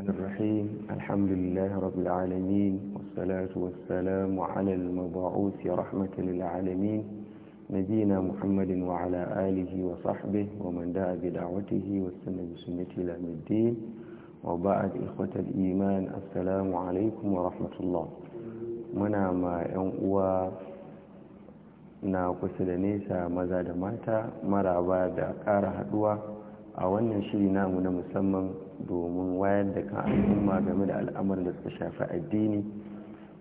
الرحمن الرحيم الحمد لله رب العالمين والصلاة والسلام على المبعوث رحمة للعالمين نبينا محمد وعلى آله وصحبه ومن دعا بدعوته واستنى بسنته إلى الدين وبعد إخوة الإيمان السلام عليكم ورحمة الله muna ma 'yan uwa na kusa da nesa maza da mata maraba da ƙara haɗuwa a wannan shiri namu na musamman domin wayar da kan al'umma game da al'amarin da suka shafi addini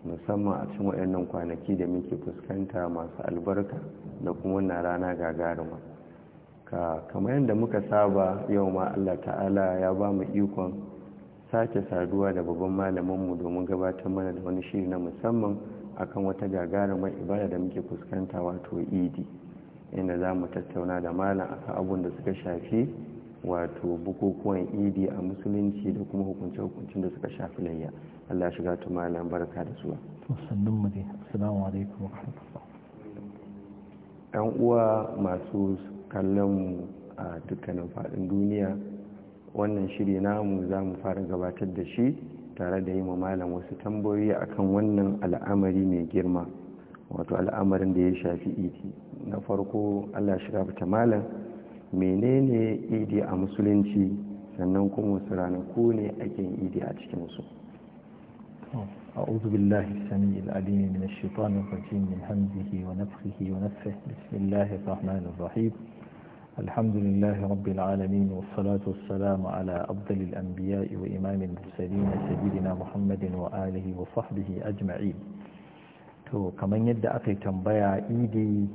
musamman a cikin waɗannan kwanaki da muke fuskanta masu albarka da kuma wannan rana gagaruma ka kamar yadda muka saba yau ma Allah ta'ala ya ba mu ikon sake saduwa da babban mu domin gabatar mana da wani shiri na musamman akan wata gagarumar ibada da muke fuskanta wato idi inda za mu tattauna da malam akan abun da suka shafi wato bukukuwan idi a musulunci da kuma hukunce-hukuncin da suka shafi layya Allah shiga tu malam barka da zuwa alaikum wa yan uwa masu kallon mu a dukkanin faɗin duniya wannan shiri namu za mu fara gabatar da shi tare da yi ma malam wasu tambayoyi akan wannan al'amari mai girma wato al'amarin da ya shafi idi na farko Allah shiga ta malam menene idi a musulunci sannan kuma wasu ranaku ne ake idi a cikinsu أعوذ بالله السميع العليم من الشيطان الرجيم من همزه ونفخه ونفه بسم الله الرحمن الرحيم الحمد لله رب العالمين والصلاة والسلام على أفضل الأنبياء وإمام المرسلين سيدنا محمد وآله وصحبه أجمعين to kamar yadda aka yi tambaya idi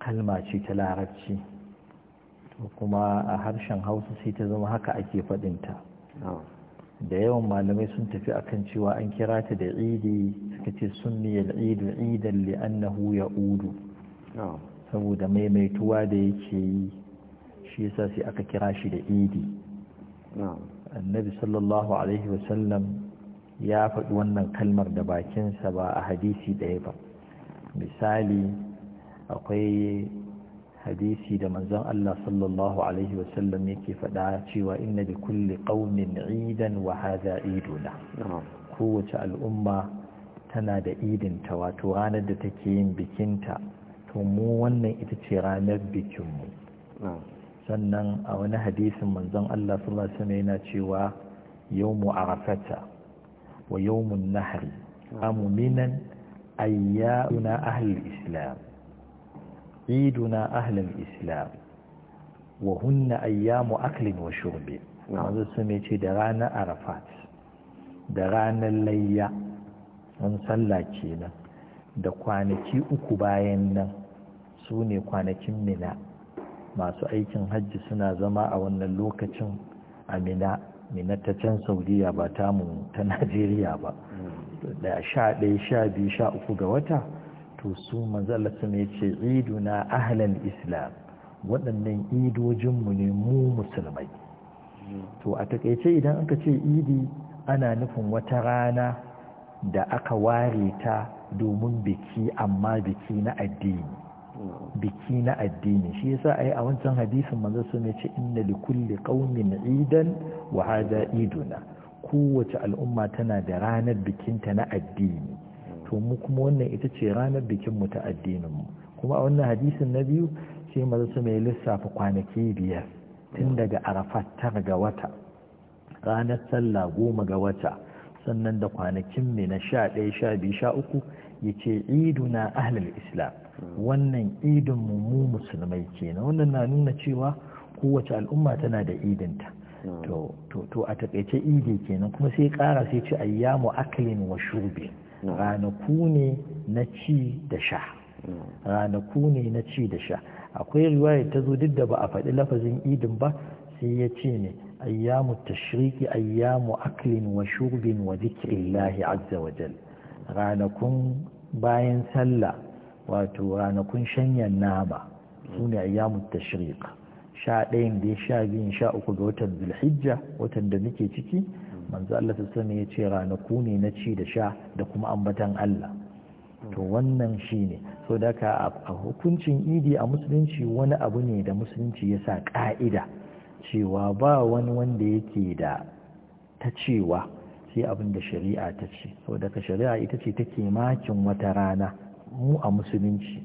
kalma ce ta larabci kuma a harshen hausa sai ta zama haka ake faɗinta da yawan malamai sun tafi akan cewa an kira ta da idi suka ce sunni al'idu idan li'annahu ya udu saboda maimaituwa da yake yi shi yasa sai aka kira shi da idi annabi sallallahu alaihi wasallam ya faɗi wannan kalmar da bakinsa ba a hadisi ɗaya ba misali akwai hadisi da manzon Allah sallallahu alaihi wasallam yake faɗa cewa inna bi kulli ƙaunin idan wa hadha iduna kowace al'umma tana da idinta wato ranar da take yin bikinta to mu wannan ita ce ranar bikinmu sannan a wani hadisin manzon Allah sallallahu alaihi yana cewa yawmu arafata wa yawmun nahri amuminan ayyuna ahlul islam iduna ahlul islam wa hunna ayyamu aklin wa shurbi wanzu su mai ce da ranar arafat da ranar layya an sallah kenan da kwanaki uku bayan nan su ne kwanakin mina masu aikin hajji suna zama a wannan lokacin a mina mina ta can saudiya ba tamu ta najeriya ba mm. da sha ɗaya sha biyu sha uku ga wata wato su manzala ya ce iduna ahlan islam waɗannan idojinmu ne mu musulmai to a takaice idan aka ce idi ana nufin wata rana da aka ware ta domin biki amma biki na addini biki na addini shi yasa ai a wancan hadisin manzo sun ce inna li kulli qaumin idan wa hada iduna kowace al'umma tana da ranar bikinta na addini to mu kuma wannan ita ce ranar bikin mu ta addinin mu kuma a wannan hadisin na biyu sai maza su mai lissafa kwanaki biyar tun daga arafat tara ga wata ranar sallah goma ga wata sannan da kwanakin mai na sha ɗaya sha biyu sha uku ya ce iduna ahlul islam wannan idin mu musulmai kenan wannan na nuna cewa kowace al'umma tana da idinta to a takaice idi kenan kuma sai kara sai ce ayyamu aklin wa shubi. ranaku ne na ci da sha ranaku ne na ci da sha akwai riwaya ta zo duk da ba a faɗi lafazin idin ba sai ya ce ne ayyamu tashriki ayyamu aklin wa shurbin wa zikrillahi azza wa jal ranakun bayan sallah wato ranakun shanyan nama su ne ayyamu tashriki sha ɗayan da sha biyun sha uku ga watan zulhijja watan da muke ciki manzo Allah sallama ya ce ranaku ne na ci da sha da kuma ambatan Allah to wannan shine so da ka a hukuncin idi a musulunci wani abu ne da musulunci ya sa ka'ida cewa ba wani wanda yake da ta cewa sai abin da shari'a ta ce so daga shari'a ita ce take makin wata rana mu a musulunci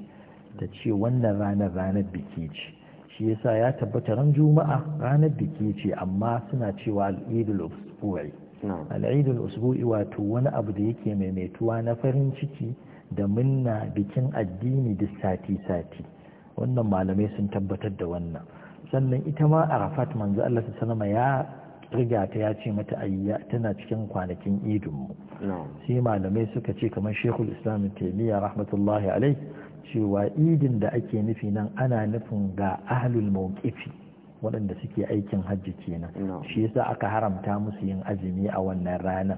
ta ce wannan ranar ranar biki ce shi yasa ya tabbata ran juma'a ranar biki ce amma suna cewa al'idul usbu'i al'idul usbu'i wato wani abu da yake maimaituwa na farin ciki da minna bikin addini da sati-sati wannan malamai sun tabbatar da wannan sannan ita ma arafat manzo Allah sanama ya riga ta ya ce mata ayya tana cikin kwanakin mu sai malamai suka ce kamar shekul islam taimiyya rahmatullahi alai cewa idin da ake nufi nan ana nufin ga ahlul mawqifi waɗanda suke aikin hajji kenan shi yasa aka haramta musu yin azumi a wannan ranar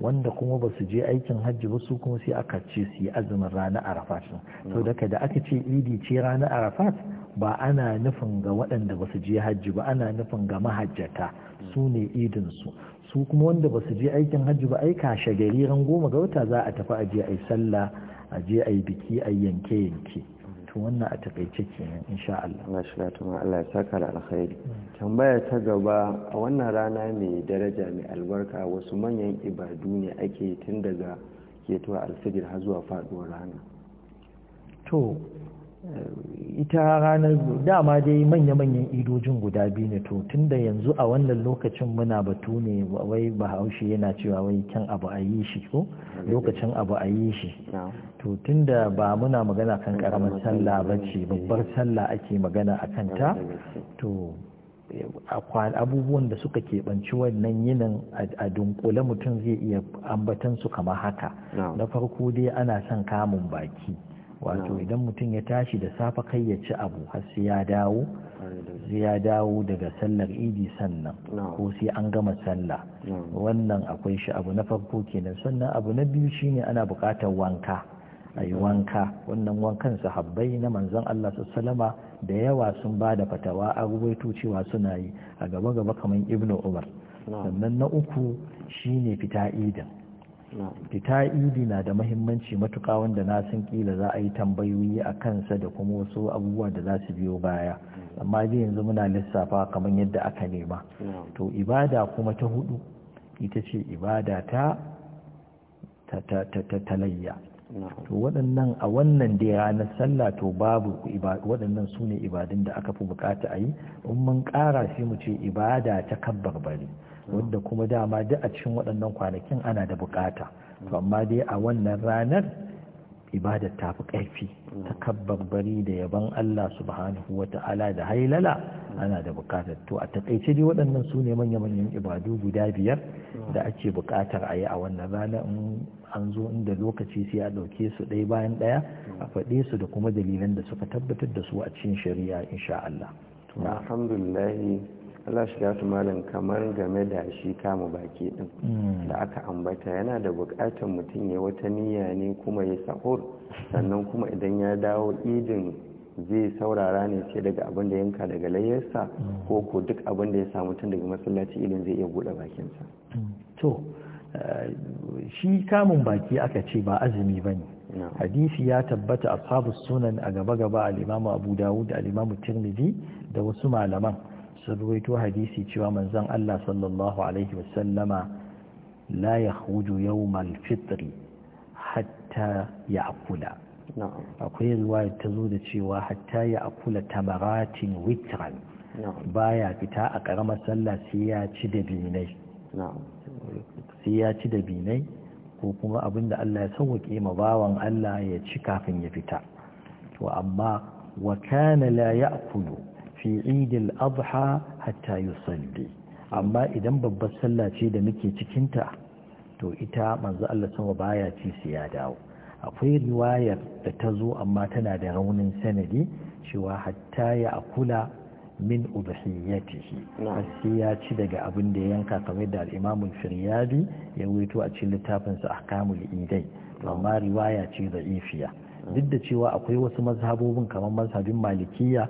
wanda kuma ba su je aikin hajji ba su kuma sai aka ce su yi azumin rana arafat so daga da aka ce idi ce rana arafat ba ana nufin ga waɗanda ba su je hajji ba ana nufin ga mahajjata su ne idin su su kuma wanda ba su je aikin hajji ba aika shagari ran goma ga wata za a tafi a je a sallah a je a biki a yanke yanke to wannan a takaice nan insha Allah Allah shi ma Allah ya saka da alkhairi tambaya ta gaba a wannan rana mai daraja mai albarka wasu manyan ibadu ne ake tun daga ketowa alfijir har zuwa faduwar rana to ita ranar dama dai manya-manyan idojin guda biyu ne to tun yanzu a wannan lokacin muna batu ne wai bahaushe yana cewa wai kyan abu a yi shi ko lokacin abu a yi shi to tun ba muna magana kan karamar sallah ba ce babbar sallah ake magana a kanta to abubuwan da suka keɓanci wannan yinin a dunkule mutum zai iya ambatan su kamar haka na farko dai ana son kamun baki wato idan mutum ya tashi da safe kai ya ci abu har sai ya dawo ya dawo daga sallar idi sannan ko sai an gama sallah wannan akwai shi abu na farko kenan sannan abu na biyu shine ana buƙatar wanka a yi wanka wannan wankan sahabbai na manzon Allah sallama da yawa sun ba da fatawa a rubaito cewa suna yi a gaba gaba kamar ibnu umar sannan na uku shine fita idin fita idi na da mahimmanci matuƙa wanda na san kila za a yi tambayoyi a kansa da kuma wasu abubuwa da za su biyo baya amma dai yanzu muna lissafa kamar yadda aka nema to ibada kuma ta hudu ita ce ibada ta talayya to waɗannan a wannan da ranar sallah to babu waɗannan su ne ibadun da aka fi bukata a yi in mun ƙara sai mu ce ibada ta kabbar bari wadda kuma dama duk a cikin waɗannan kwanakin ana da bukata to amma dai a wannan ranar ibada ta fi ƙarfi ta kabbabari da yaban Allah subhanahu wa ta'ala da hailala ana da bukatar to a taƙaice dai waɗannan su ne manya-manyan ibadu guda biyar da ake bukatar a yi a wannan rana in an zo inda lokaci sai a ɗauke su ɗaya bayan ɗaya a faɗe su da kuma dalilan da suka tabbatar da su a cikin shari'a insha Allah. Alhamdulillah Allah shiga su malam kamar game da shi kama baki din mm. da aka ambata yana da bukatar mutum ya wata niyya ne kuma ya sahur sannan kuma idan ya dawo idin zai saurara ne sai daga abin da yanka daga layyarsa mm. ko ko duk abin da ya samu tun daga masallaci idin zai iya buɗe bakinsa mm. to eh, shi kamun baki aka ce ba azumi ba ne hadisi ya tabbata ashabu sunan a gaba gaba al-imamu abu dawud al-imamu tirmidhi da wasu malaman sun ruwaito hadisi cewa manzon Allah sallallahu alaihi wasallama la yakhruju yawmal fitri hatta ya'kula akwai riwaya ta zo da cewa hatta ya akula tamaratin witran baya fita a karamar sallah sai ya ci da binai ko kuma abinda Allah ya sauwaƙe ma bawan Allah ya ci kafin ya fita to amma wa kana la fi idil adha hatta yusalli amma idan babbar sallah ce da muke cikinta to ita manzo Allah sama baya ci su ya dawo akwai riwayar da ta zo amma tana da raunin sanadi cewa hatta ya akula min udhiyatihi sai ya ci daga abin da yanka kamar da al-Imam firyadi ya wuto a cikin littafin sa Ahkamul Idai amma riwaya ce da ifiya duk da cewa akwai wasu mazhabobin kamar mazhabin malikiya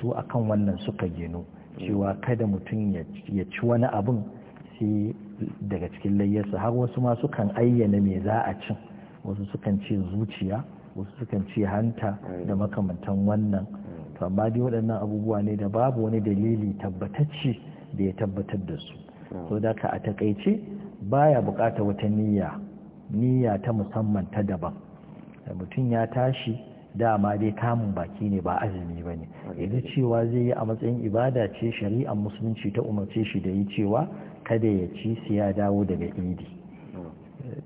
su akan wannan suka genu cewa kada mutum ya ci wani abin sai daga cikin layyarsa har wasu ma sukan ayyana mai za a cin wasu sukan ce zuciya wasu sukan ce hanta da makamantan wannan to amma dai waɗannan abubuwa ne da babu wani dalili tabbatacce da ya tabbatar da su so da ka a takaice baya bukata wata niyya niyya ta musamman ta daban mutum ya tashi dama dai kamun baki ne ba azumi ba ne yadda cewa zai yi a matsayin ibada ce shari'ar musulunci ta umarce shi da yi cewa kada ya ci su ya dawo daga idi oh.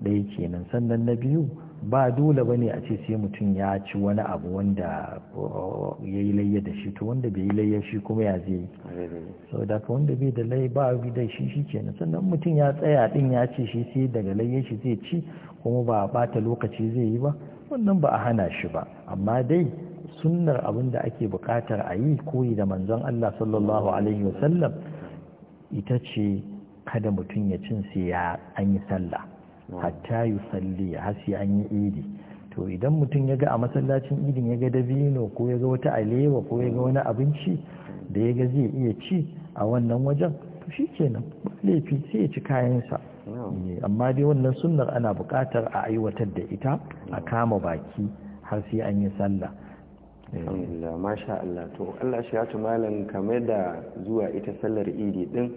ɗaya kenan sannan na biyu ba dole ba ne a ce sai mutum ya ci wani abu wanda ya yi layya da shi to wanda bai yi layya shi kuma ya zai yi sau da wanda bai da layi ba bi da shi shi kenan sannan mutum ya tsaya din ya ce shi sai daga layya shi zai ci kuma ba a bata lokaci zai yi ba wannan ba a hana shi ba amma dai sunnar abin da ake bukatar a yi koyi da manzon Allah sallallahu alaihi wasallam ita ce kada mutum ya cin sai ya an yi sallah hatta salli har sai an yi idi to idan mutum ya ga a masallacin idin ya ga dabino ko ya ga wata alewa ko ya ga wani abinci da ya ga zai iya ci a wannan wajen to shi kenan ba laifi sai ya ci kayansa eh, amma dai wannan sunnar ana bukatar a aiwatar da ita a kama baki har sai an yi sallah eh. alhamdulillah masha Allah to Allah shi ya malam kame da zuwa ita sallar idi din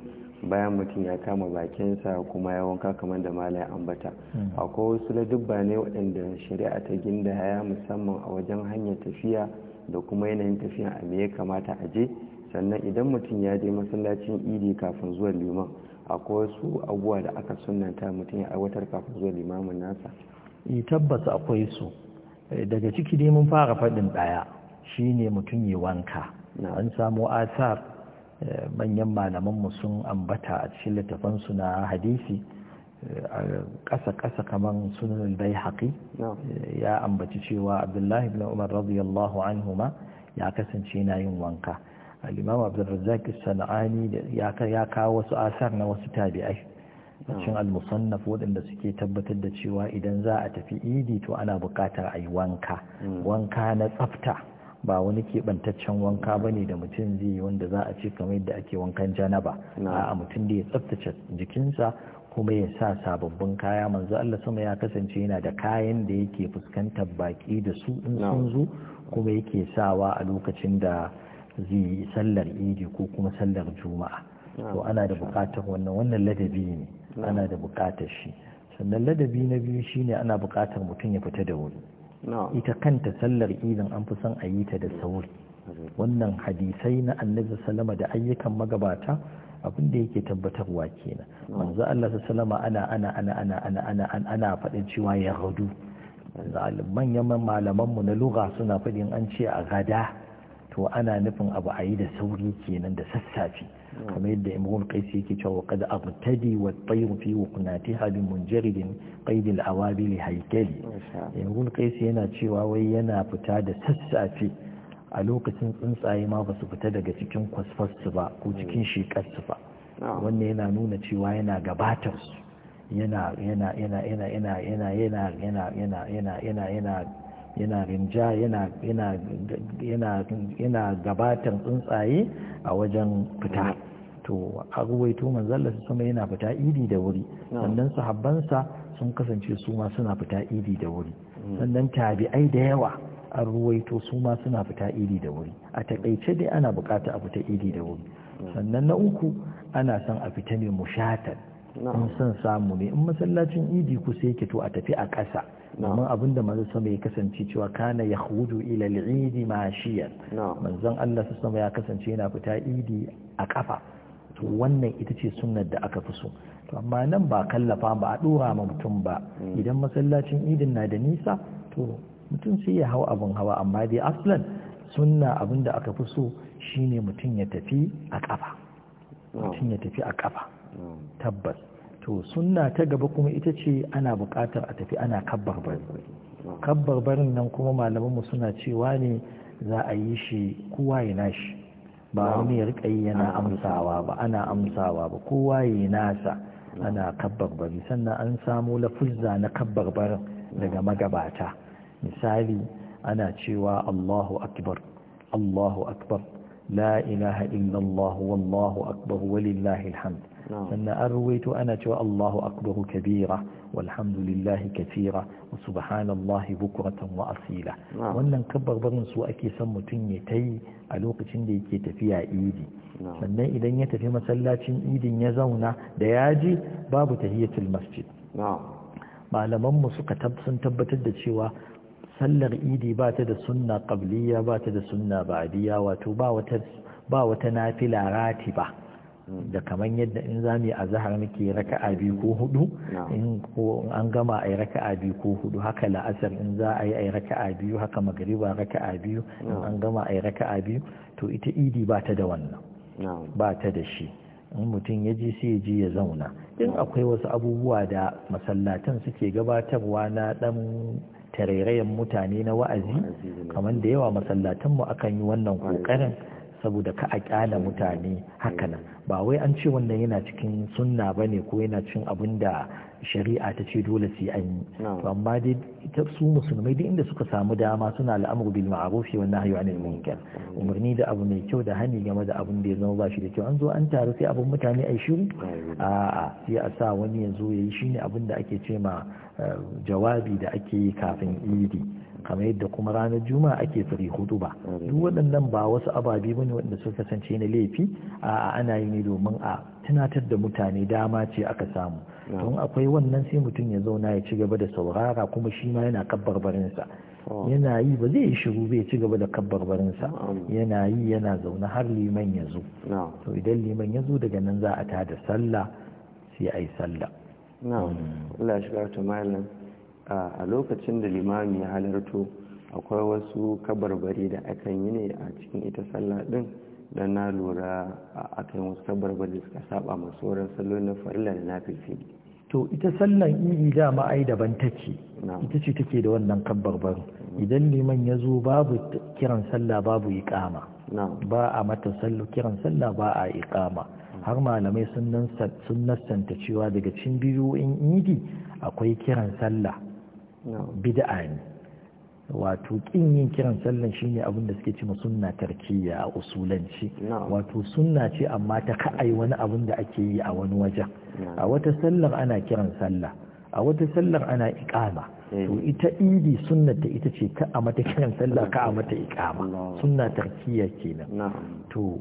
bayan mutum ya kama bakinsa kuma ya wanka kamar da malaya ambata hmm. akwai wasu ladubba ne waɗanda shari'a ta ginda haya musamman a wajen hanyar tafiya da kuma yanayin tafiya a me ya kamata a je sannan idan mutum ya je masallacin idi kafin zuwa liman akwai wasu abubuwa da aka sunanta mutum ya aiwatar kafin zuwa limamin nasa e, tabbas akwai su e, daga ciki dai mun fara faɗin ɗaya shine mutum ya wanka an samu asar manyan malamanmu sun ambata a cikin littafansu na hadisi eh, a ƙasa-ƙasa kamar sunan bai haƙi eh, ya ambaci cewa abdullahi ibn umar radiyallahu anhuma ya kasance na yin wanka al'imam abdulrazzaq sana'ani ya kawo wasu asar na wasu tabi'ai cikin al-musannaf waɗanda suke tabbatar da cewa idan za a tafi idi to ana buƙatar a yi wanka hmm. wanka na tsafta ba wani keɓantaccen wanka ba ne da mutum zai yi wanda za a ce kamar yadda ake wankan jana ba a mutum da ya tsaftace jikinsa kuma ya sa sababbin kaya manzo Allah sama ya kasance yana da kayan da yake fuskantar baki da su in sun zo kuma yake sawa a lokacin da zai yi sallar idi ko kuma sallar juma'a to ana da buƙatar wannan wannan ladabi ne ana da buƙatar shi sannan ladabi na biyu shine ana buƙatar mutum ya fita da wuri ita kanta sallar idin an fi son a yi ta da sauri wannan hadisai na annabi sallama da ayyukan magabata abin da yake tabbatarwa kenan manzo Allah sallama ana ana ana ana ana ana ana faɗin cewa ya gadu manyan malaman mu na lugha suna faɗin an ce a gada to ana nufin abu a yi da sauri kenan da sassafe kamar yadda imrul qaisi yake cewa qad abtadi wa tayru fi wuqnatiha bi munjaridin qaid al awabil haykali imrul qaisi yana cewa wai yana fita da sassafe a lokacin tsuntsaye ma ba su fita daga cikin kwasfarsu ba ko cikin mm. shekarsu ba ah. wannan yana nuna cewa yana gabatar su yana yana yana yana yana yana yana yana yana yana yana yana rinja yana gabatan tsuntsaye a wajen fita to a ruwaito manzalla su sama yana fita idi da wuri sannan sahabbansa sun kasance su ma suna fita idi da wuri mm. sannan tabi'ai da yawa an ruwaito su ma suna fita idi da wuri a takaice dai ana bukata a fita idi da wuri mm. sannan na uku ana son a fita ne mushatar in son samu ne in masallacin idi kusa yake to a tafi a ƙasa domin abin da manzo sama ya kasance cewa kana ya hudu ila al'idi mashiyan manzon Allah su sama ya kasance yana fita idi a kafa to wannan ita ce sunnar da aka fi so to amma nan ba kallafa ba a dora ma mutum ba mm. idan masallacin idin na da nisa to mutum sai ya hau abin hawa amma dai aslan sunna abin da aka fi so shine mutum ya tafi a kafa mutum ya tafi a kafa tabbas to sunna ta gaba kuma ita ce ana buƙatar a tafi ana kabbar bari kabbar barin nan kuma malamanmu suna cewa ne za a yi shi kowa ya nashi ba wani ya riƙa yi yana amsawa ba ana amsawa ba kowa ya nasa ana kabbar bari sannan an samu lafuzza na kabbar barin daga magabata misali ana cewa Allahu akbar Allahu akbar la ilaha illallah wallahu akbar walillahi alhamd sannan an ruwaito ana cewa Allahu akbaru kabira walhamdulillahi kathira wa subhanallahi bukratan wa asila wannan barin su ake son mutum ya tayi a lokacin da yake tafiya idi sannan idan ya tafi masallacin idin ya zauna da yaji babu tahiyatul masjid malaman mu suka sun tabbatar da cewa sallar idi ba ta da sunna qabliya ba ta da sunna ba'diya wato ba wata ba wata nafila ratiba da kamar yadda in za mu yi azahar muke raka'a biyu ko hudu in ko an gama ai raka'a biyu ko hudu haka la'asar in za a yi ai raka'a biyu haka magriba raka'a biyu in an gama ai raka'a biyu to ita idi ba ta da wannan ba ta da shi in mutum ya ji sai ji ya zauna in akwai wasu abubuwa da masallatan suke gabatarwa na dan tarairayen mutane na wa'azi kamar da yawa masallatanmu akan yi wannan kokarin saboda ka a kyala mutane hakanan ba wai an ce wannan yana cikin sunna ba ne ko yana cikin abin da shari'a ta ce dole sai anyi yi amma dai su musulmai duk inda suka samu dama suna al'amru bil ma'ruf wa nahyu anil munkar umarni da abu mai kyau da hani game da abin da ya zama bashi da kyau an zo an taru sai abin mutane ai shiru a'a sai a sa wani ya zo yayi shine abin da ake ce ma eh, jawabi da ake yi kafin idi kamar yadda kuma ranar juma'a ake fari hudu ba duk waɗannan ba wasu ababe bane waɗanda suka kasance na laifi a ana yi ne domin a tunatar da mutane dama ce aka samu don akwai wannan sai mutum ya zauna ya ci gaba da saurara kuma shi ma yana kabbarbarinsa yana yi ba zai yi shiru bai ci gaba da kabbarbarinsa yana yi yana zaune har liman ya zo to idan liman ya zo daga nan za a tada sallah sai a yi sallah mm. a lokacin da limami ya halarto akwai wasu kabarbari da akan yi ne a cikin ita sallah din dan na lura a akan wasu kabarbari da suka saba masu wurin sallolin na farilla da na to ita sallan idi da ai daban take ita ce take da wannan kabarbar idan liman ya zo babu kiran sallah babu iqama ba a mata sallu kiran sallah ba a iqama har malamai sun nasanta cewa daga cin biyu in idi akwai kiran sallah bid'a ne wato kin yin kiran sallan shine abin da suke cewa sunna tarkiya a usulanci wato sunna ce amma ta ka'ai wani abin da ake yi a wani wajen a wata sallar ana kiran salla, a wata sallar ana iqama eh. to ita idi sunna ta ita ce ka a mata kiran sallah ka a mata iqama sunna tarkiya kenan to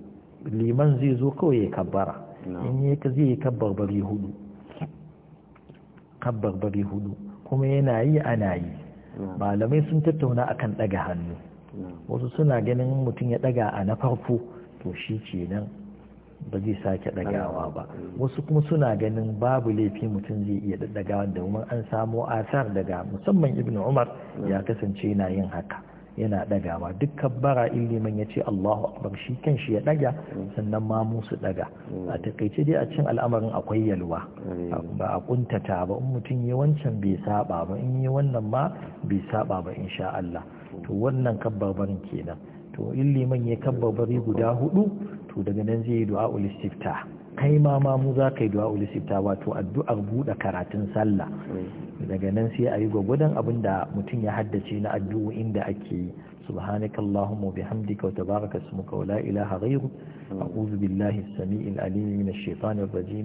liman zai zo kawai ya kabbara in yake zai kabbar bari hudu kabbar bari hudu kuma yana yi ana yi malamai sun tattauna akan ɗaga hannu wasu suna ganin mutum ya ɗaga a na farko to shi nan ba zai sake ɗagawa ba wasu kuma suna ganin babu laifi mutum zai iya ɗagawa domin an samo asar daga musamman ibn umar ya kasance na yin haka yana ɗagawa duk kabbara in liman ya ce Allahu akbar shi kan shi ya daga sannan ma musu daga a takaice dai a cin al'amarin akwai yalwa ba a kuntata ba in mutum ya wancan bai saba ba in yi wannan ma bai saba ba insha Allah to wannan barin kenan to in liman ya bari guda hudu to daga nan zai yi du'a ul istiftah kai ma ma mu za ka yi du'a ulisibta wato addu'ar buɗe karatun sallah daga nan sai a yi gwagwadon abin da mutum ya haddace na addu'o inda ake yi subhanaka allahumma bihamdika wa tabaraka ismuka wa la ilaha ghayruk a'udhu billahi sami samiil 'alim minash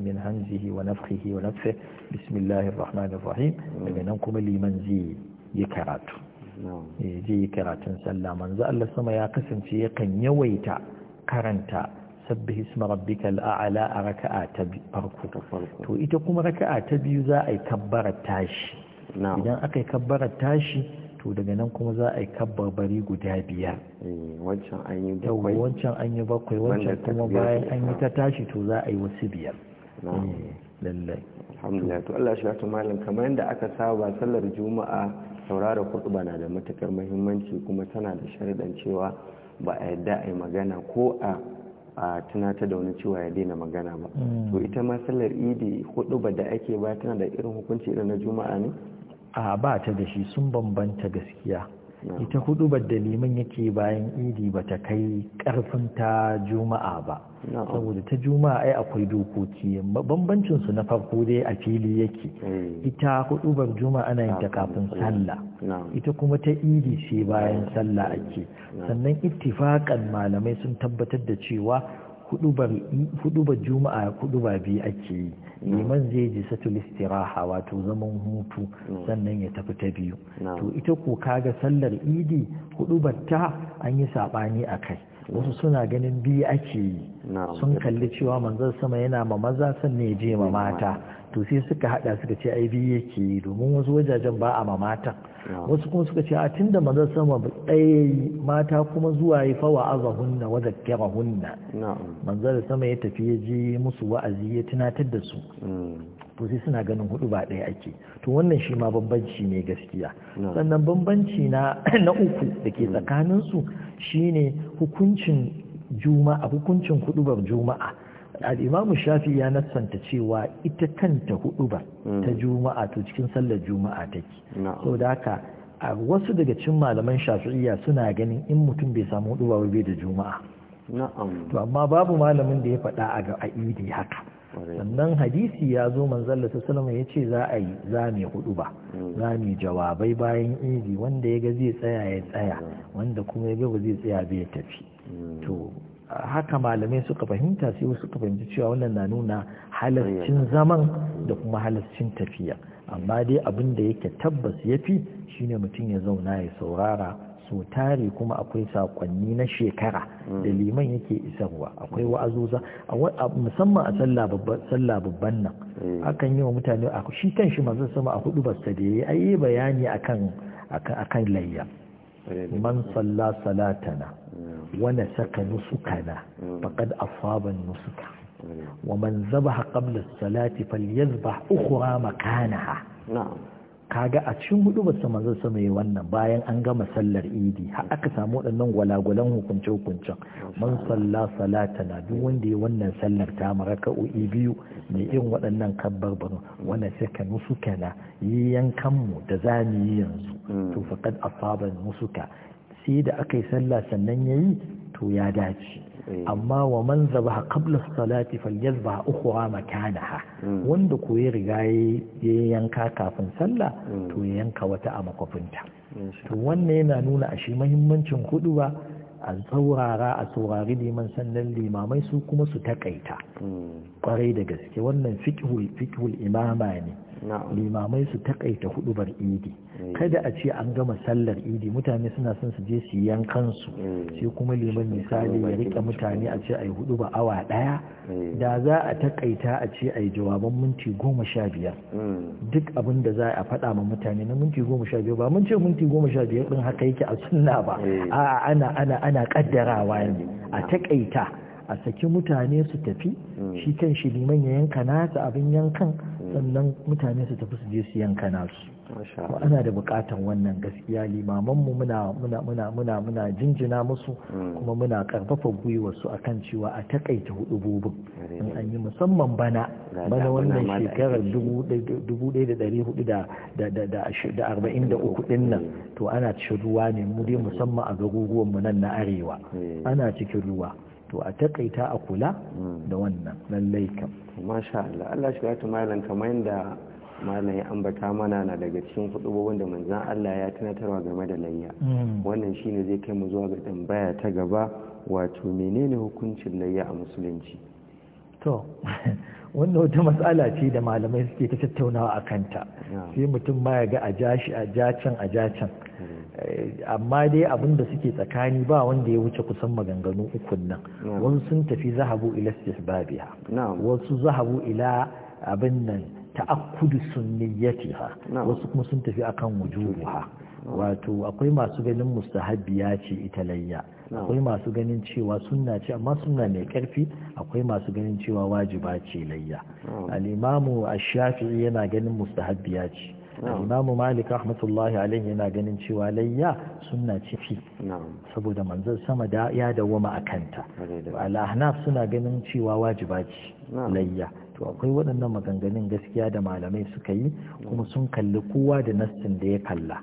min hamzihi wa nafthihi wa nafthihi rahim daga nan kuma liman zai yi karatu eh, karatun sallah manzo Allah sama ya kasance yakan yawaita karanta sabbi isma rabbika al'a'la a raka'a ta farko to ita kuma raka'a ta biyu za a yi kabbarar tashi idan aka yi kabbarar tashi to daga nan kuma za a yi kabbarbari guda biyar eh, wancan an yi bakwai wancan an yi bakwai wancan kuma bayan an yi ta tashi to za a yi wasu biyar eh, lallai alhamdulillah to Allah shi wato malam kamar yadda aka saba sallar juma'a saurara khutba na da matukar muhimmanci kuma tana da sharadan cewa ba a yadda a yi magana ko a a tunata da wani cewa ya daina magana ba mm. to ita ma sallar idi hudu ba da ake ba tana da irin hukunci irin na juma'a ne a ba ta da shi sun bambanta gaskiya ita huɗubar da liman yake bayan idi ba ta kai karfin ta juma'a ba saboda ta juma'a ai akwai dokoki bambancin su na farko dai a fili yake hmm. ita huɗubar juma'a ana yin ta kafin sallah ita kuma ta idi sai bayan sallah ake sannan ittifaqan malamai sun tabbatar da cewa hudubar juma'a ba biyu ake yi liman zai ji satul istiraha wato zaman hutu sannan ya tafi ta biyu to ita ko kaga sallar idi hudubar ta an yi sabani a kai wasu suna ganin biyu ake yi sun kalli cewa manzon sama yana ma maza sannan ya je ma mata to sai suka haɗa suka ce ai biyu yake yi domin wasu wajajen ba a mamatan wasu kuma suka ce a tun da mazan sama yi mata kuma zuwa yi fawa aza hunna wadda zakkara hunna manzar sama ya tafi ya je musu wa'azi ya tunatar da su mm. to sai suna ganin hudu ba ɗaya ake to wannan shi ma bambanci ne gaskiya sannan bambanci na na uku da ke tsakaninsu shine hukuncin juma'a hukuncin hudubar juma'a al’imam shafi ya nassanta cewa ita kanta hudu ba hmm. ta juma'a to cikin sallar juma'a take so da haka a wasu daga cikin malaman shafi'iyya suna ganin in mutum bai samu hudu ba bai da juma'a to amma babu malamin da ya faɗa a ga aidi haka sannan hadisi ya zo manzalla ta salama ya ce za a yi za mai hudu ba hmm. za mai jawabai bayan idi wanda ya ga zai tsaya ya tsaya hmm. wanda kuma ya ga ba zai tsaya bai tafi to haka malamai suka fahimta sai suka fahimci cewa wannan na nuna halarcin zaman da kuma halarcin tafiya amma dai abin da yake tabbas ya fi shine mutum ya zauna ya saurara so tare kuma akwai sakonni na shekara da mm. liman yake isarwa akwai wa'azuza musamman a sallah babban nan mm. akan yi wa mutane a shi kan shi manzon sama a hudu basta da yayi ayi bayani akan akan layya man salla salatana hmm. wani saka nusukana hmm. faƙad asaban nusuka hmm. wa man zabaha qabla salati falyazbah ukhra makanaha na'am kaga a cikin hudu ba su manzo sama yi wannan bayan an gama sallar idi har aka samu waɗannan gwalagwalan hukunce hukuncen man salla salatana duk wanda ya wannan sallar ta mu raka'o'i biyu mai irin waɗannan kabbar bano wanda sai ka nusuka na yi yankan mu da zamu yi yanzu hmm. to faqad asaba nusuka sai da aka yi sallah sannan ya yi to ya dace eh. amma wa man zaba kabla salati yazba ukhra makanaha hmm. wanda ko ya riga ya yanka kafin sallah hmm. to ya yanka wata a makwafinta to wannan yana nuna a shi muhimmancin hudu ba a tsaurara a saurari liman sannan limamai su kuma su takaita kwarai hmm. da gaske wannan fikhul fiqhul imama ne limamai su takaita hudubar idi mm. kada a ce an gama sallar idi mutane suna son su je su yankan su mm. sai kuma liman misali ya rike mutane a ce yi hudu ba awa daya mm. da za a takaita a ce a yi jawaban minti goma sha biyar duk abin da za a faɗa ma mutane na minti goma sha biyar ba mun ce minti goma sha biyar din haka yake a sunna ba a'a ana ana ana kaddarawa ne a takaita a saki mutane su tafi mm. shi kan shi liman ya yanka nasa abin yankan mm. sannan mutane su tafi su je su yanka nasu ana da bukatar wannan gaskiya limamanmu muna muna muna muna muna jinjina musu mm. kuma muna karfafa gwiwarsu akan cewa a takaita hudubobin in an yi musamman bana bana wannan shekarar 1443 din nan to ana cikin ruwa ne mu dai musamman a garuruwan mu nan na arewa ana cikin ruwa to a takaita a kula da wannan lallai kam masha Allah Allah shi ya malam kamar yadda malam ya ambata mana na daga cikin hudubobin da manzon Allah ya tunatarwa game da layya mm. wannan shine zai kai mu zuwa ga tambaya ta gaba wato menene hukuncin layya a musulunci to wannan wata matsala ce da malamai suke ta tattaunawa a kanta sai mutum ma ya ga a jashi a jacan, a jacan. Mm. amma dai abin da suke tsakani ba wanda ya wuce kusan maganganu ukun nan wasu sun tafi zahabu ila istihbabiha wasu zahabu ila abin nan ta'akkudu sunniyatiha wasu kuma sun tafi akan wujubuha wato akwai masu ganin mustahabbiya ce ita layya akwai masu ganin cewa sunna ce amma sunna mai karfi akwai masu ganin cewa wajiba ce layya al-imamu ash-shafi'i yana ganin mustahabbiya ce imamu malik rahmatullahi alaihi yana ganin cewa layya suna cifi saboda manzon sama da ya dawoma a kanta al suna ganin cewa wajiba ce layya to akwai waɗannan maganganun gaskiya da malamai suka yi kuma sun kalli kowa da nassin da ya kalla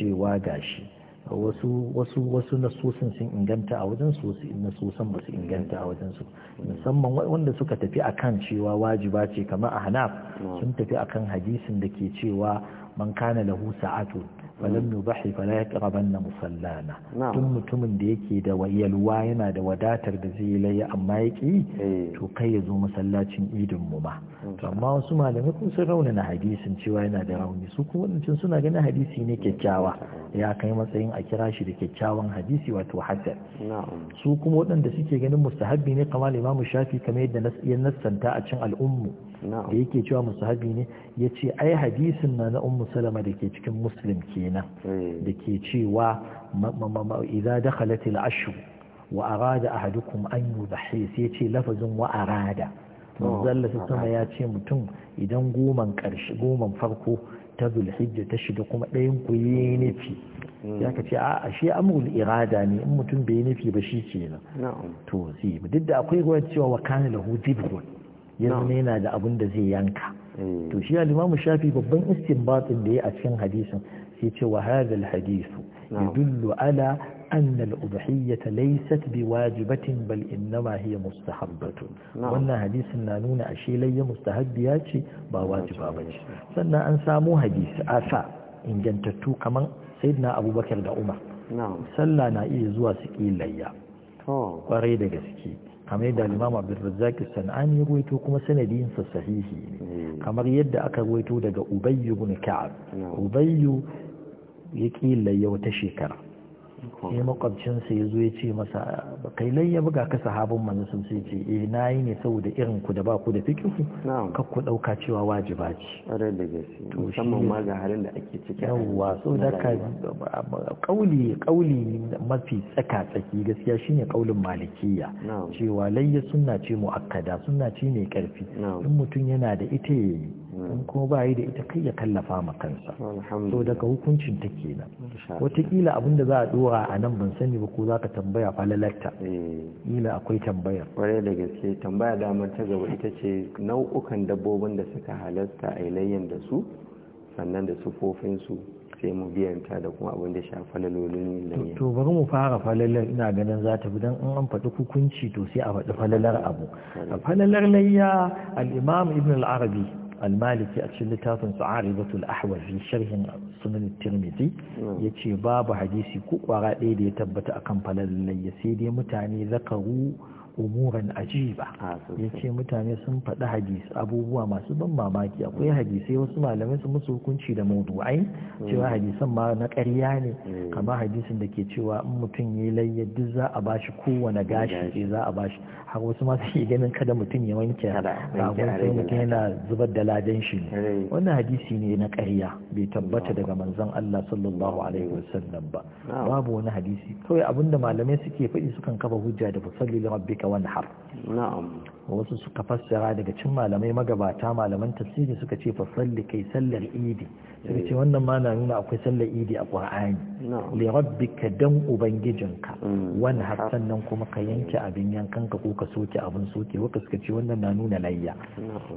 cewa gashi wasu wasu wasu nasusun sun inganta a wajen su wasu nasusun ba su inganta a wajen su musamman wanda suka tafi akan cewa wajiba ce kamar a hanaf sun tafi akan hadisin da ke cewa man kana lahu sa'atu falam mm. yubahi fala yaqrabanna musallana tun mutumin da yake da wayalwa yana da wadatar da zai laye amma yaki eh. to kai yazo masallacin idin mu ma mm. to amma wasu malamai kun sun na hadisin cewa yana da rauni su kuma wadancan suna ganin hadisi ne kyakkyawa ya kai matsayin a kira shi da kyakkyawan hadisi wato hasan su kuma waɗanda suke ganin mustahabbi ne kamar imamu shafi kamar yadda ya nasanta a cin al'ummu da yake cewa musahabi ne ya ce ai hadisin na na ummu salama da ke cikin muslim kenan hmm. da ke cewa idza dakhalat al-ashr wa arada ahadukum an yudhi sai ce lafazin wa arada oh, manzalla sama ya ce mutum idan goman farko ta zulhijja ta shida kuma ɗayan ku yi nufi hmm. ya ka ce a shi amurul irada ne in mutum bai nufi ba shi kenan to sai duk da akwai ruwan cewa wa kana lahu dibrun yanzu yana da abin da zai yanka mm. to shi alimamu shafi babban istinbatin da ya a cikin hadisin sai ce wa hadisu ya yadullu ala anna ta udhiyyata laysat wajibatin bal innama hiya mustahabbatu wannan hadisin na nuna a shi lai ya ce ba wajiba bace sannan an samu hadis a sa ingantattu sai na abubakar da umar sallah na iya zuwa su kwarai da gaske kamar yadda limam imam abdurrazzaq as-sanani ya ruwaito kuma sanadin sa sahihi ne hmm. kamar yadda aka ruwaito daga ubayyu ibn ka'ab hmm. ubayyu ya kila ya wata shekara sai makwabcinsa ya zo ya ce masa kai ya buga ka sahabin manzo sun sai ce eh nayi ne saboda irin ku da ba ku da ku kar ku dauka cewa wajiba ce musamman ma ga halin da ake ciki yawa so da ka kauli kauli mafi tsaka tsaki gaskiya shine kaulin malikiya cewa layya sunna ce muakkada sunna ce mai karfi in mutum yana da ita yayi ko kuma ba yi da ita kai ya kallafa ma kansa so daga hukuncin ta kenan watakila abin da za a dora a nan ban sani ba ko za ka tambaya falalarta eh. ila akwai tambayar kwarai da gaske tambaya damar ta gaba ita ce nau'ukan dabbobin da suka halasta a layyan da su sannan da su sai mu biyanta da kuma abin da sha falalolin layya to bari mu fara falalar ina ganin za ta bi dan an faɗi hukunci to sai a faɗi falalar abu a falalar layya al-imam ibn al-arabi almaliki a cikin littafin sa'aribatul ahwal fi sharhin sunan tirmidhi hmm. yace babu hadisi ko kwara ɗaya da ya tabbata akan ya sai dai mutane zakaru umuran ajiba ah, yace mutane sun faɗi hadisi abubuwa masu ban mamaki akwai hadisai wasu malamai su musu hukunci da mawdu'ai hmm. cewa hadisan ma na ƙarya ne hmm. kamar hadisin da ke cewa in mutum ya layya duk za a bashi kowane gashi eh, za a bashi har wasu masu shi ganin kada mutum ya wanke ragon mutum yana zubar da ladan shi ne eh. wannan hadisi ne na ƙarya bai tabbata daga manzon Allah sallallahu alaihi eh. wasallam ba babu wani hadisi kawai abinda malamai suke faɗi sukan kafa hujja da fasalli rabbika wanhar na'am wasu suka fassara daga cin malamai magabata malaman tafsiri suka ce fa salli kai sallar idi suka ce eh. wannan ma na nuna akwai sallar idi a qur'ani li ka dan ubangijinka mm, wani har sannan kuma ka yanke abin yankan ka ko ka soke abin soke waka suka ce wannan na nuna layya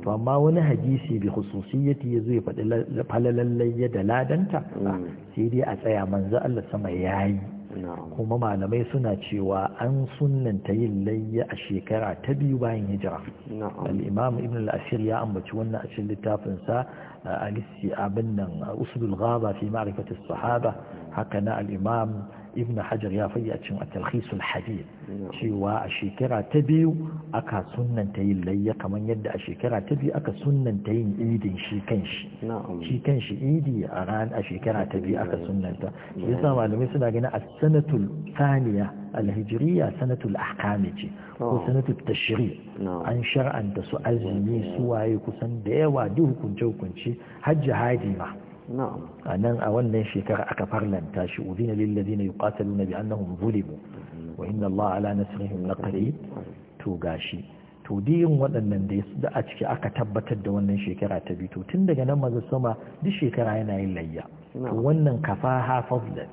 to amma wani hadisi bi khususiyati yazo ya faɗi falalan layya da ladanta mm. sai dai a tsaya manzo Allah sama yayi kuma malamai suna cewa an sunanta yin layya a shekara ta biyu bayan hijira al'imam ibn al'ashir ya ambaci wannan a cikin littafinsa a lissi abin nan usbul ghaba fi ma'rifatis sahaba haka na al'imam ibn hajar ya fayyacin a talhisul hadid cewa a shekara ta biyu aka sunanta yin layya kamar yadda a shekara ta biyu aka sunanta yin idin shi kanshi shi kanshi idi a ran a shekara ta biyu aka sunanta yasa malamai suna ganin a sanatul thaniya alhijriya sanatul ahkami ce ko oh. sanatul tashri an shar'anta su azumi su waye kusan da yawa duk hukunce hukunce hajji hadi ma a nan a wannan shekara aka farlanta shi uzina lillazina na bi annahum zulimu wa inna Allah ala nasrihim laqadir to gashi to diyin waɗannan da da a ciki aka tabbatar da wannan shekara ta bi to tun daga nan maza sama duk shekara yana yin layya to wannan kafaha fadlan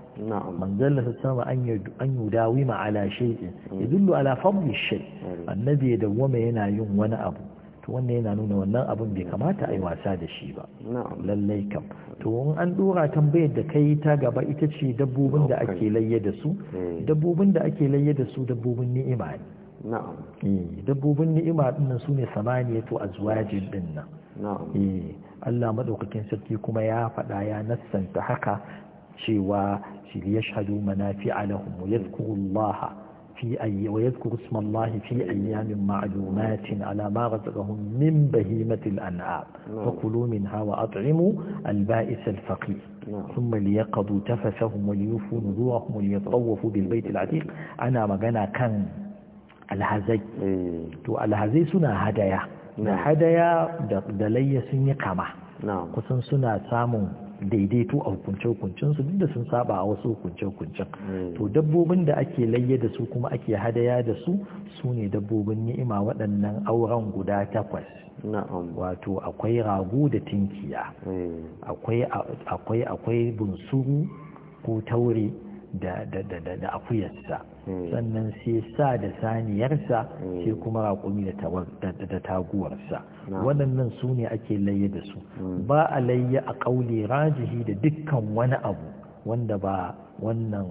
manzon Allah sama an yi an yudawi ma ala shay'in yadullu ala fadli shay annabi ya dawwama yana yin wani abu to wannan yana nuna wannan abin bai kamata a yi wasa da shi ba lallai kam to an dora tambayar da kai ta gaba ita ce dabbobin da ake layya da su hmm. dabbobin da ake layya da su dabbobin ni'ima ne eh, dabbobin ni'ima dinnan su ne samaniya to azwajin dinnan eh, Allah madaukakin sarki kuma ya faɗa ya nassanta haka cewa shi manafi manafi'a mu wa yadhkuru Allah في أي ويذكر اسم الله في أيام معلومات على ما رزقهم من بهيمة الأنعام نعم. فكلوا منها وأطعموا البائس الفقير نعم. ثم ليقضوا تفسهم وليوفوا نذورهم وليطوفوا بالبيت العتيق أنا مجانا كان الهزي إيه. الهزي الهزي suna هدايا da hadaya da layya sun سنة kama daidaito a hukunce-hukuncen su duk da sun saba a wasu hukunce-hukuncen hmm. to dabbobin da ake layya da su kuma ake hadaya da su su ne dabbobin ni'ima waɗannan auren guda takwas wato akwai rago da tinkiya hmm. akwai akwai bunsuru ko taure da akuyarsa hmm. sannan sai sa da saniyarsa sai kuma raƙumi da taguwarsa waɗannan su ne ake layya da su hmm. ba a layya a ƙaule rajihi da dukkan wani abu wanda ba wannan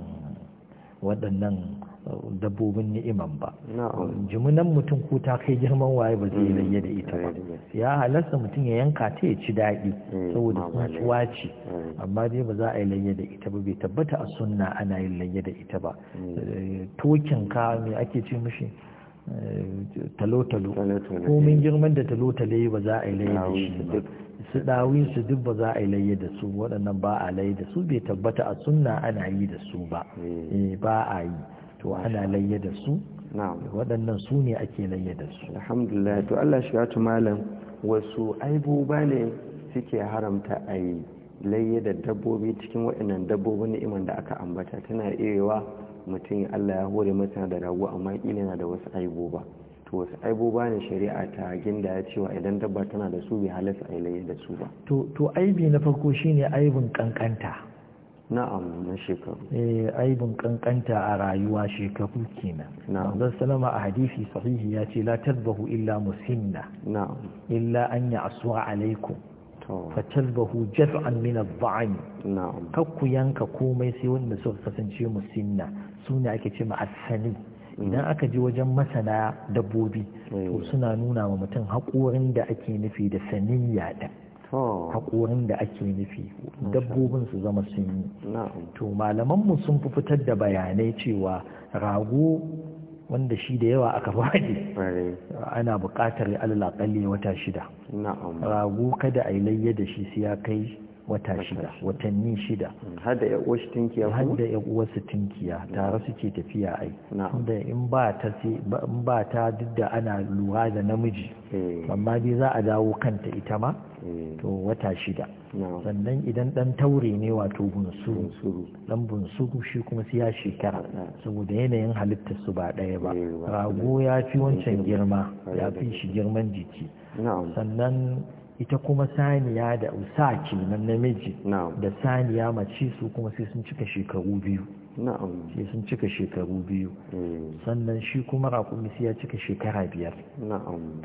waɗannan uh, dabbobin ni'iman ba jimunan mutum ko ta kai girman waye ba zai hmm. layya da ita ba ya halasta mutum ya yanka ta ya ci daɗi hmm. saboda tsuntsuwa ce amma dai ba za a yi layya da ita ba bai tabbata a sunna ana yin layya da ita ba eh, tokin ka me ake ce mishi talotalo ko mun eh. girman da talotale ba za a yi da shi su ɗawin su duk ba za a yi da su waɗannan ba a laye da su bai tabbata a sunna ana yi da su ba eh. Eh, ba a yi to ana laye da su waɗannan su ne ake laye da su alhamdulillah to Allah shi ya malam wasu aibuba ne suke haramta a yi laye da dabbobi cikin waɗannan dabbobin ni'iman da aka ambata tana iya mutum Allah ya hore masa da rago amma kila yana da wasu aiboba to wasu aiboba ne shari'a ta ginda ya cewa idan dabba tana da su bai halasta a ilayya da su ba to to aibi na farko shine aibin kankanta na'am na shekaru eh aibin kankanta a rayuwa shekaru kenan na'am salama a hadisi sahihi ya ce la tadbahu illa musinna na'am illa an ya'su alaikum fatalbahu jaz'an min adh-dha'am kakku yanka komai sai wanda suka kasance musinna su ne ake ce ma'asani idan aka je wajen masana dabbobi to eh. suna nuna wa mutum haƙorin da ake nufi da saniyya da oh. haƙorin da ake nufi dabbobin su zama sun yi to malamanmu sun fi fitar da bayanai cewa rago wanda shi da yawa aka faɗi ana buƙatar alalakalli wata shida rago kada a yi layya da shi sai ya kai wata shida watanni shida hmm, hada da yan uwarsu tinkiya hada ya uwa su tinkiya tare suke tafiya ai da in ba ta in ba ta duk da ana lura da namiji eh. amma bai za a dawo kanta ita ma eh. to wata shida sannan idan dan taure ne wato bunsuru dan bunsuru shi kuma siya shekara saboda yanayin halittar su ba daya eh, ba rago ya fi wancan girma ya fi shi girman jiki sannan ita kuma saniya da usa na namiji da saniya mace su kuma sai sun cika shekaru biyu sai sun cika shekaru biyu hmm. sannan shi kuma rakumi sai ya cika shekara biyar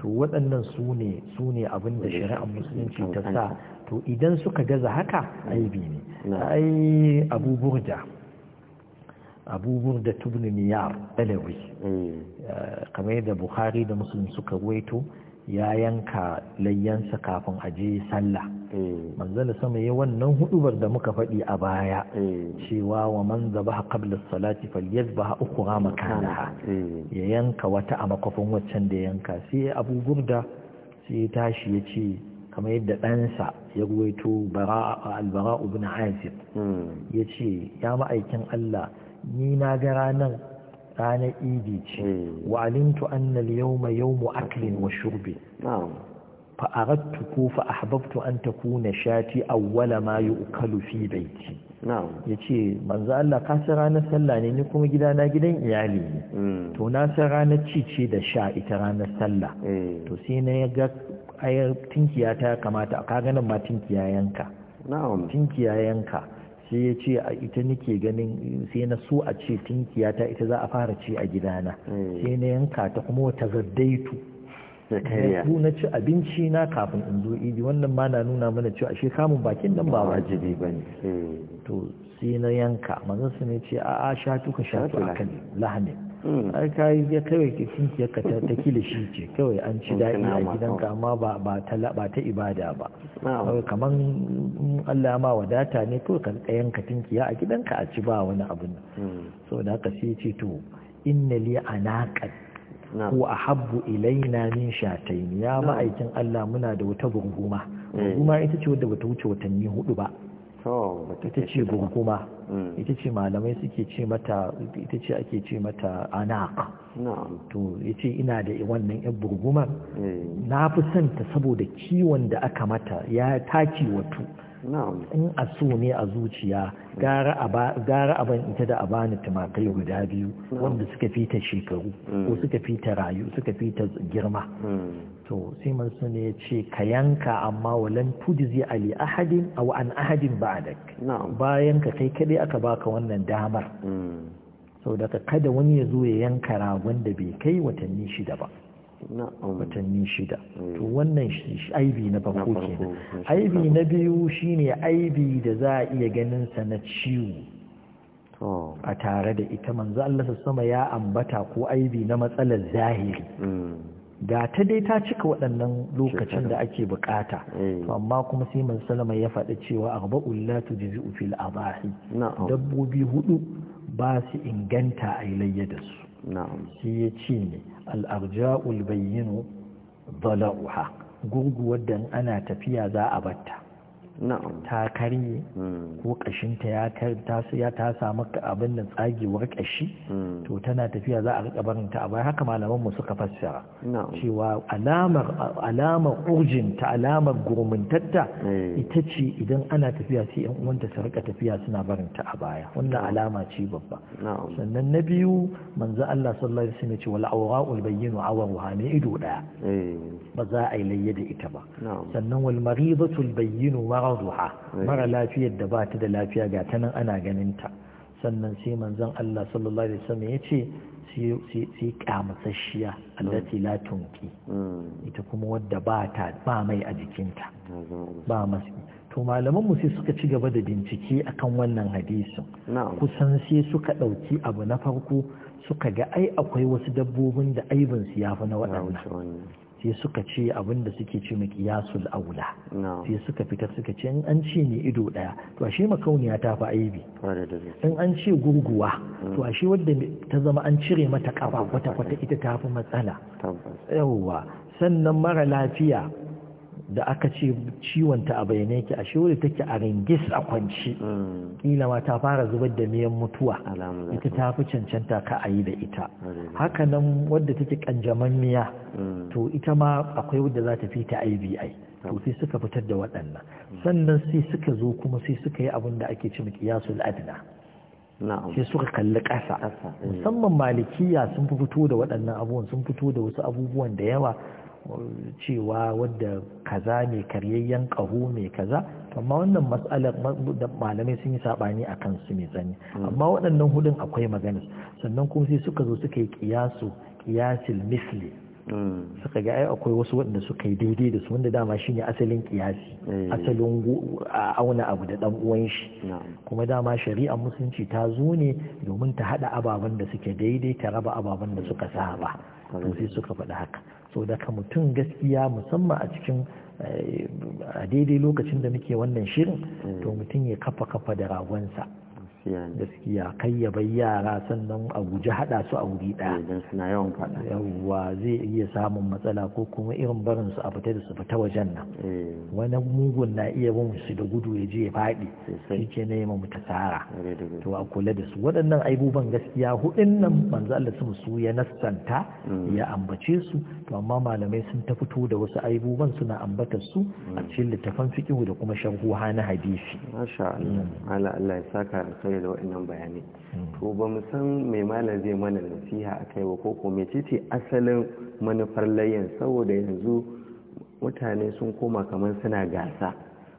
to waɗannan su ne su ne abin da shari'ar musulunci ta sa to idan suka gaza haka aibi ne ai abu burda abu burda tubni niyar dalawi hmm. eh, kamar yadda buhari da musulun suka waito ya yanka layyansa kafin a je sallah da eh. sama yi wannan hudubar da muka faɗi a baya eh. cewa wa man zaba qabla salati falyazbah ukhra makanaha eh. ya yanka wata a makofin waccan da yanka sai Abu Burda sai tashi ya ce kamar yadda ɗansa ya ruwaito al-bara ibn Azib hmm. ya ce ya ma'aikin Allah ni na ga ranar ranar idi ce hmm. wa alimtu annal ma yawma yawmu aklin wa shurbi fa aradtu ko fa ahbabtu an takuna shati awwala ma yu'kalu fi baiti yace manzo Allah ka san ranar sallah ne ni kuma gida na gidan iyali ne hmm. to na san ranar ci ce da sha ita ranar sallah hmm. to sai na ga ayar tinkiya ta kamata ka ganin ma tinkiya yanka tinkiya yanka sai ya ce a ita nake ganin sai na so a ce tinkiya ta ita za a fara ci a gidana mm. sai na yanka ta kuma wata zardaitu ku na ci abinci na kafin in zo idi wannan ma na nuna mana cewa ashe kamun bakin nan ba wajibi ba ne mm. to sai na yanka manzon su ne ce a a shatu ka shatu akan lahanin Hmm. ai yi ya kawai ke ka ta kilishi ce kawai an ci daɗi a gidanka amma ba ta ibada ba kamar Allah ma wadata ne kawai ka ɗayan ka tinkiya a gidanka a ci ba wani abu ne hmm. so da haka sai ce to inna li anaqat ko a habbu ilaina min shatayn ya ma'aikin Allah muna da wata burguma eh. burguma ita ce wadda bata wuce watanni hudu ba ita ce gunguma mm. ita ce malamai suke ce mata ita ce ake ce mata anak to ya ce ina da wannan yan burgumar eh. na fi son saboda kiwon da aka mata ya taki wato in a so ne a zuciya gara ban ita da a bani tumakai guda biyu wanda suka fita shekaru ko mm. suka fita rayu suka fita girma mm. to sai mansu ne ya ce ka yanka amma walan zai ali ahadin aw an ahadin ba'dak bayan ka kai kadai aka baka wannan damar mm. sau daga kada wani ya zo ya yanka ragon da bai kai watanni shida ba Mm. watanni shida mm. to wannan aibi na farko kenan aibi na biyu shine aibi da za a iya ganin sa na ciwo oh. a tare da ita manzo Allah sama ya ambata ko aibi na matsalar zahiri mm. ga ta dai ta cika waɗannan lokacin da ake bukata eh. amma kuma sai manzo sallama ya faɗi cewa arba'ul la tujzi'u fil abahi dabbobi hudu ba su inganta a layya da su shi ya ci ne al'arja'ul bayyinu dala'uha gurguwar da ana tafiya za a batta ta karye hmm. ko ƙashinta ya taso ya ta samu abin nan tsagewar ƙashi hmm. to tana tafiya za a rika barin ta a baya haka malaman mu suka fassara cewa alamar alamar urjin ta alamar gurmintarta eh. ita ce idan ana tafiya sai yan uwanta su rika tafiya suna barin ta a baya wannan alama ce babba sannan na biyu manzo Allah sallallahu alaihi wasallam ce wal awra'ul bayyinu awruha ne ido daya eh. ba za a yi layya da ita ba sannan wal maridatul bayyinu mara duha mara lafiyar da ba ta da lafiya ga ta nan ana ganinta sannan sai manzon Allah sallallahu alaihi wasallam ya ce sai kamatsashiya allati la tunki hmm. ita kuma wadda ba ta ba mai a jikinta hmm. ba masu to malaman mu sai suka ci gaba da bincike akan wannan hadisin kusan sai suka ɗauki abu na farko suka ga ai akwai wasu dabbobin da aibinsu ya fi na waɗannan sai suka ce abin da suke ce mai kiyasul aula sai suka fitar suka ce in an ce ne ido daya to ashe makauniya ta fi aibi in an ce gurguwa to mm. ashe wadda ta zama an cire mata kafa kwata kwata ita ta fi matsala yawwa sannan mara lafiya da aka ce ciwon ta a bayyane yake a shewar take a ringis a kwanci mm. kila ma ta fara zubar da miyan mutuwa ita ta fi cancanta ka a yi da ita Haka nan wadda take kanjaman miya mm. to ita ma akwai wadda za ta fi ta ibi to sai suka fitar da waɗannan sannan sai suka zo kuma sai suka yi abin da ake cin kiyasul adna sai suka kalli ƙasa eh. musamman malikiya sun fi fito da waɗannan abubuwan sun fito da wasu abubuwan da yawa cewa wadda kaza mai karyayyen ƙahu mai kaza amma wannan matsalar malamai sun yi saɓani a kan su mai tsani hmm. amma waɗannan hudun akwai magana sannan kuma sai suka zo suka yi kiyasu kiyasil misli hmm. suka ga ai akwai wasu waɗanda suka yi daidai da su wanda dama shine asalin kiyasi hmm. asalin auna abu da ɗan uwan shi kuma dama shari'ar musulunci ta zo ne domin ta haɗa ababen da suke daidai ta raba ababen da suka saba to sai suka faɗi haka so daga mutum gaskiya musamman a cikin eh, a daidai lokacin da muke wannan shirin to mm. mutum ya kafa kafa da ragonsa gaskiya kai ya bai yara sannan a guji hada su a wuri daya idan eh, suna yawan fada yawwa zai iya samun matsala ko kuma irin barin su a fita da su fita wajen nan eh. wani mugun na iya bin su da gudu ya je ya fadi shi ke na yamma mu tsara. to a kula da su waɗannan aibuban gaskiya hudun nan manzo Allah su su ya nasanta mm. ya ambace su to amma malamai sun ta fito da wasu aibuban suna ambatar su a mm. cikin littafan fiqh da kuma sharhuha na hadisi masha Allah mm. Allah ya saka dangane da waɗannan bayanai hmm. to ba mu san mai malam zai mana nasiha a kai ba ko me ce asalin manufar layin saboda yanzu mutane sun koma kamar suna gasa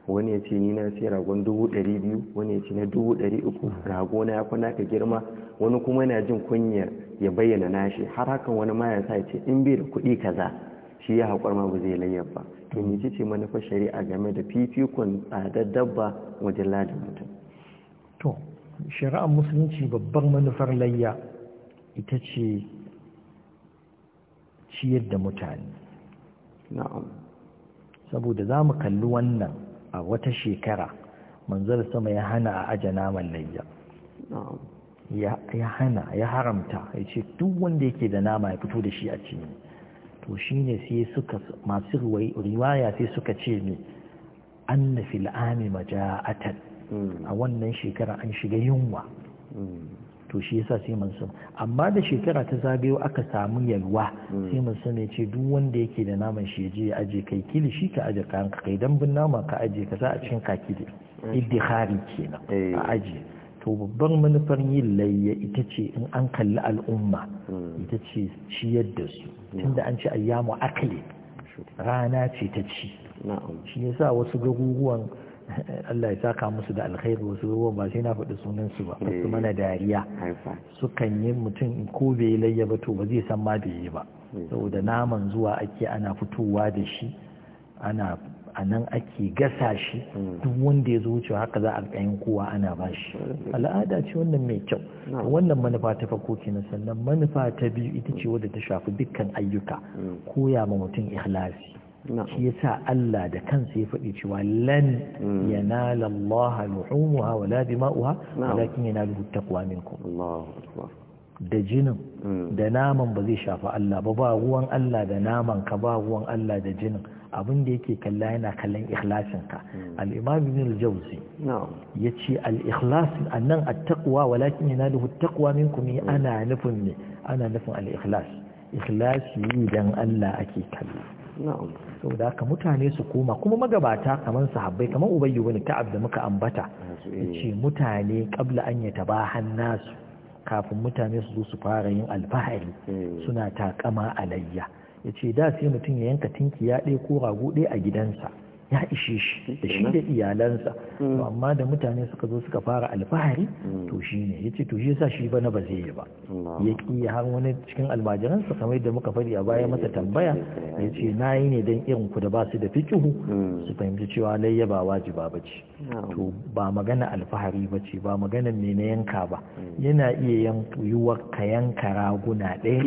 wani ya ce ni na sai ragon dubu ɗari biyu wani ya ce na dubu ɗari uku rago na yakwa naka girma wani kuma yana jin kunya ya bayyana nashi har hakan wani ma ya sa ya ce in bai da kuɗi kaza shi ya haƙwar ma ba zai layyar ba to ni hmm. ce manufar shari'a game da fifikon tsadar dabba wajen ladin mutum to shari'ar musulunci babbar manufar layya ita ce ciyar da mutane saboda za mu kalli wannan a wata shekara manzar sama ya hana a aje naman layya ya hana ya haramta ya ce duk wanda yake da nama ya fito da shi a cini to shi ne sai suka masu riwaya sai suka ce ne an na fil'ami maja'atan Mm. a wannan shekara an shiga yunwa mm. to shi yasa sai san amma da shekara ta zagayo aka samu yalwa mm. sai mun san ce duk wanda yake da naman shi yaje ya aje kai kili shi ka aje kan ka kai dambun nama ka aje ka za a cin kaki kili iddihari kenan a eh. aje to babban manufar yin layya ita ce in an kalli al'umma ita ce ciyar da su tunda an ce ayyamu akali rana ce ta ci shi yasa wasu garuruwan Allah ya saka musu da alkhairu wasu ruwan ba sai na faɗi sunansu su ba su mana dariya eh, sukan yi mutum ko bai layya ba to ba zai san ma bai yi ba hmm. saboda naman zuwa ake ana fitowa da shi ana a nan ake gasa shi hmm. duk wanda ya zo wucewa haka za a kayan kowa ana ba shi hmm. al'ada ce wannan mai kyau wannan manufa ta farko kenan sannan manufa ta biyu ita ce wadda ta shafi dukkan ayyuka koya ma mutum ikhlasi shi yasa Allah da kansa ya faɗi cewa lan mm. yanala Allah luhumuha wala dima'uha walakin yanaluhu taqwa minkum Allahu akbar da jinin mm. da naman ba zai shafa Allah ba ba ruwan Allah da naman ka ba ruwan Allah da jinin abin da yake kalla yana kallon ikhlasin ka mm. al-imam ibn al-jawzi yace al-ikhlas annan at-taqwa walakin yanaluhu at-taqwa minkum ana nufin ne ana nufin al-ikhlas ikhlasi dan Allah ake kalla da, haka mutane su koma kuma magabata kamar sahabbai kamar ubayyu bin ka'ab da muka ambata eh. ce mutane kabla an ba tabahan nasu kafin mutane su zo su fara yin alfahari eh. suna takama alayya yace da sai mutum ya yanka tinki ya ɗaya ko rago ɗaya a gidansa ya ishe shi da shi da iyalansa to hmm. amma da mutane suka zo suka fara alfahari hmm. to shi ne ya ce to shi yasa shi ba na ba zai yi ba hmm. ya ki har wani cikin almajiransa kamar yadda muka faɗi a baya masa tambaya ya ce na yi ne don irin ku da ba su da fikihu su fahimci cewa layya ba wajiba ba ce to ba magana alfahari ba ce ba magana me na yanka ba yana iya yiwuwar ka yanka raguna ɗaya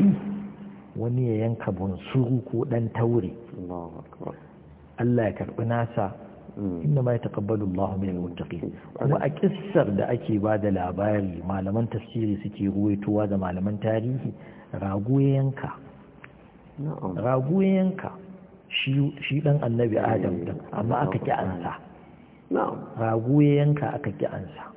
wani ya yanka bunsuru ko ɗan taure Allah ya karɓi nasa mm. inna ma ya Allahu min al-muttaqin kuma a kissar da ake ba da labari malaman tafsiri suke ruwaitowa da malaman tarihi rago yanka rago yanka shi ɗan dan annabi eh, Adam din amma aka ƙi ansa rago yanka aka ki ansa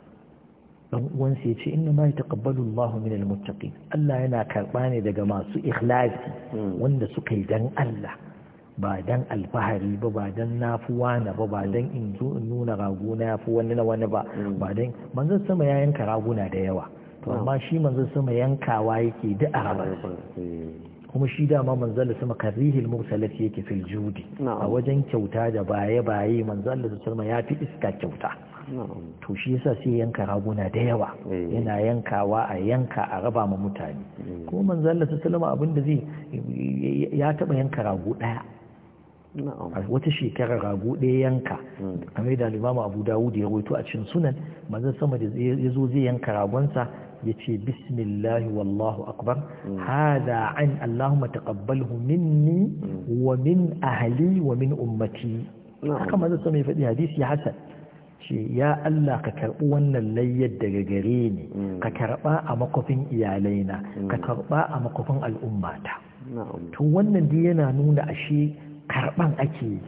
dan uwansa ya ce inna ma yataqabbalu Allahu min al-muttaqin Allah yana karɓa ne daga masu ikhlasi mm. wanda suka yi dan Allah ba dan alfahari ba ba dan nafuwa na ba ba dan in nuna raguna ya fi wani na wani ba mm. ba don manzan sama ya yanka raguna da yawa to mm. amma shi manzan sama yankawa yake da araba mm. kuma shi dama manzan da sama karihil mursalat yake fil judi a wajen kyauta da baye baye manzan da sama ya fi iska kyauta to shi yasa sai yanka raguna da yawa yana yankawa a yanka a raba ma mutane kuma manzan da sama abin da zai ya taba yanka ragu daya wata shekara rago ɗaya yanka hmm. kamar da limamu abu dawud ya roito a cin sunan manzon sama da ya zo zai yanka ragonsa ya ce bismillahi wallahu akbar hmm. hada an allahumma taqabbalhu minni hmm. wa min ahli wa min ummati haka manzon sama ya faɗi hadisi hasan ce ya Allah ka karɓi wannan layyar daga gare ni ka karɓa a makofin iyalaina ka karɓa a makofin al'ummata to wannan dai yana nuna ashe karɓan ake yi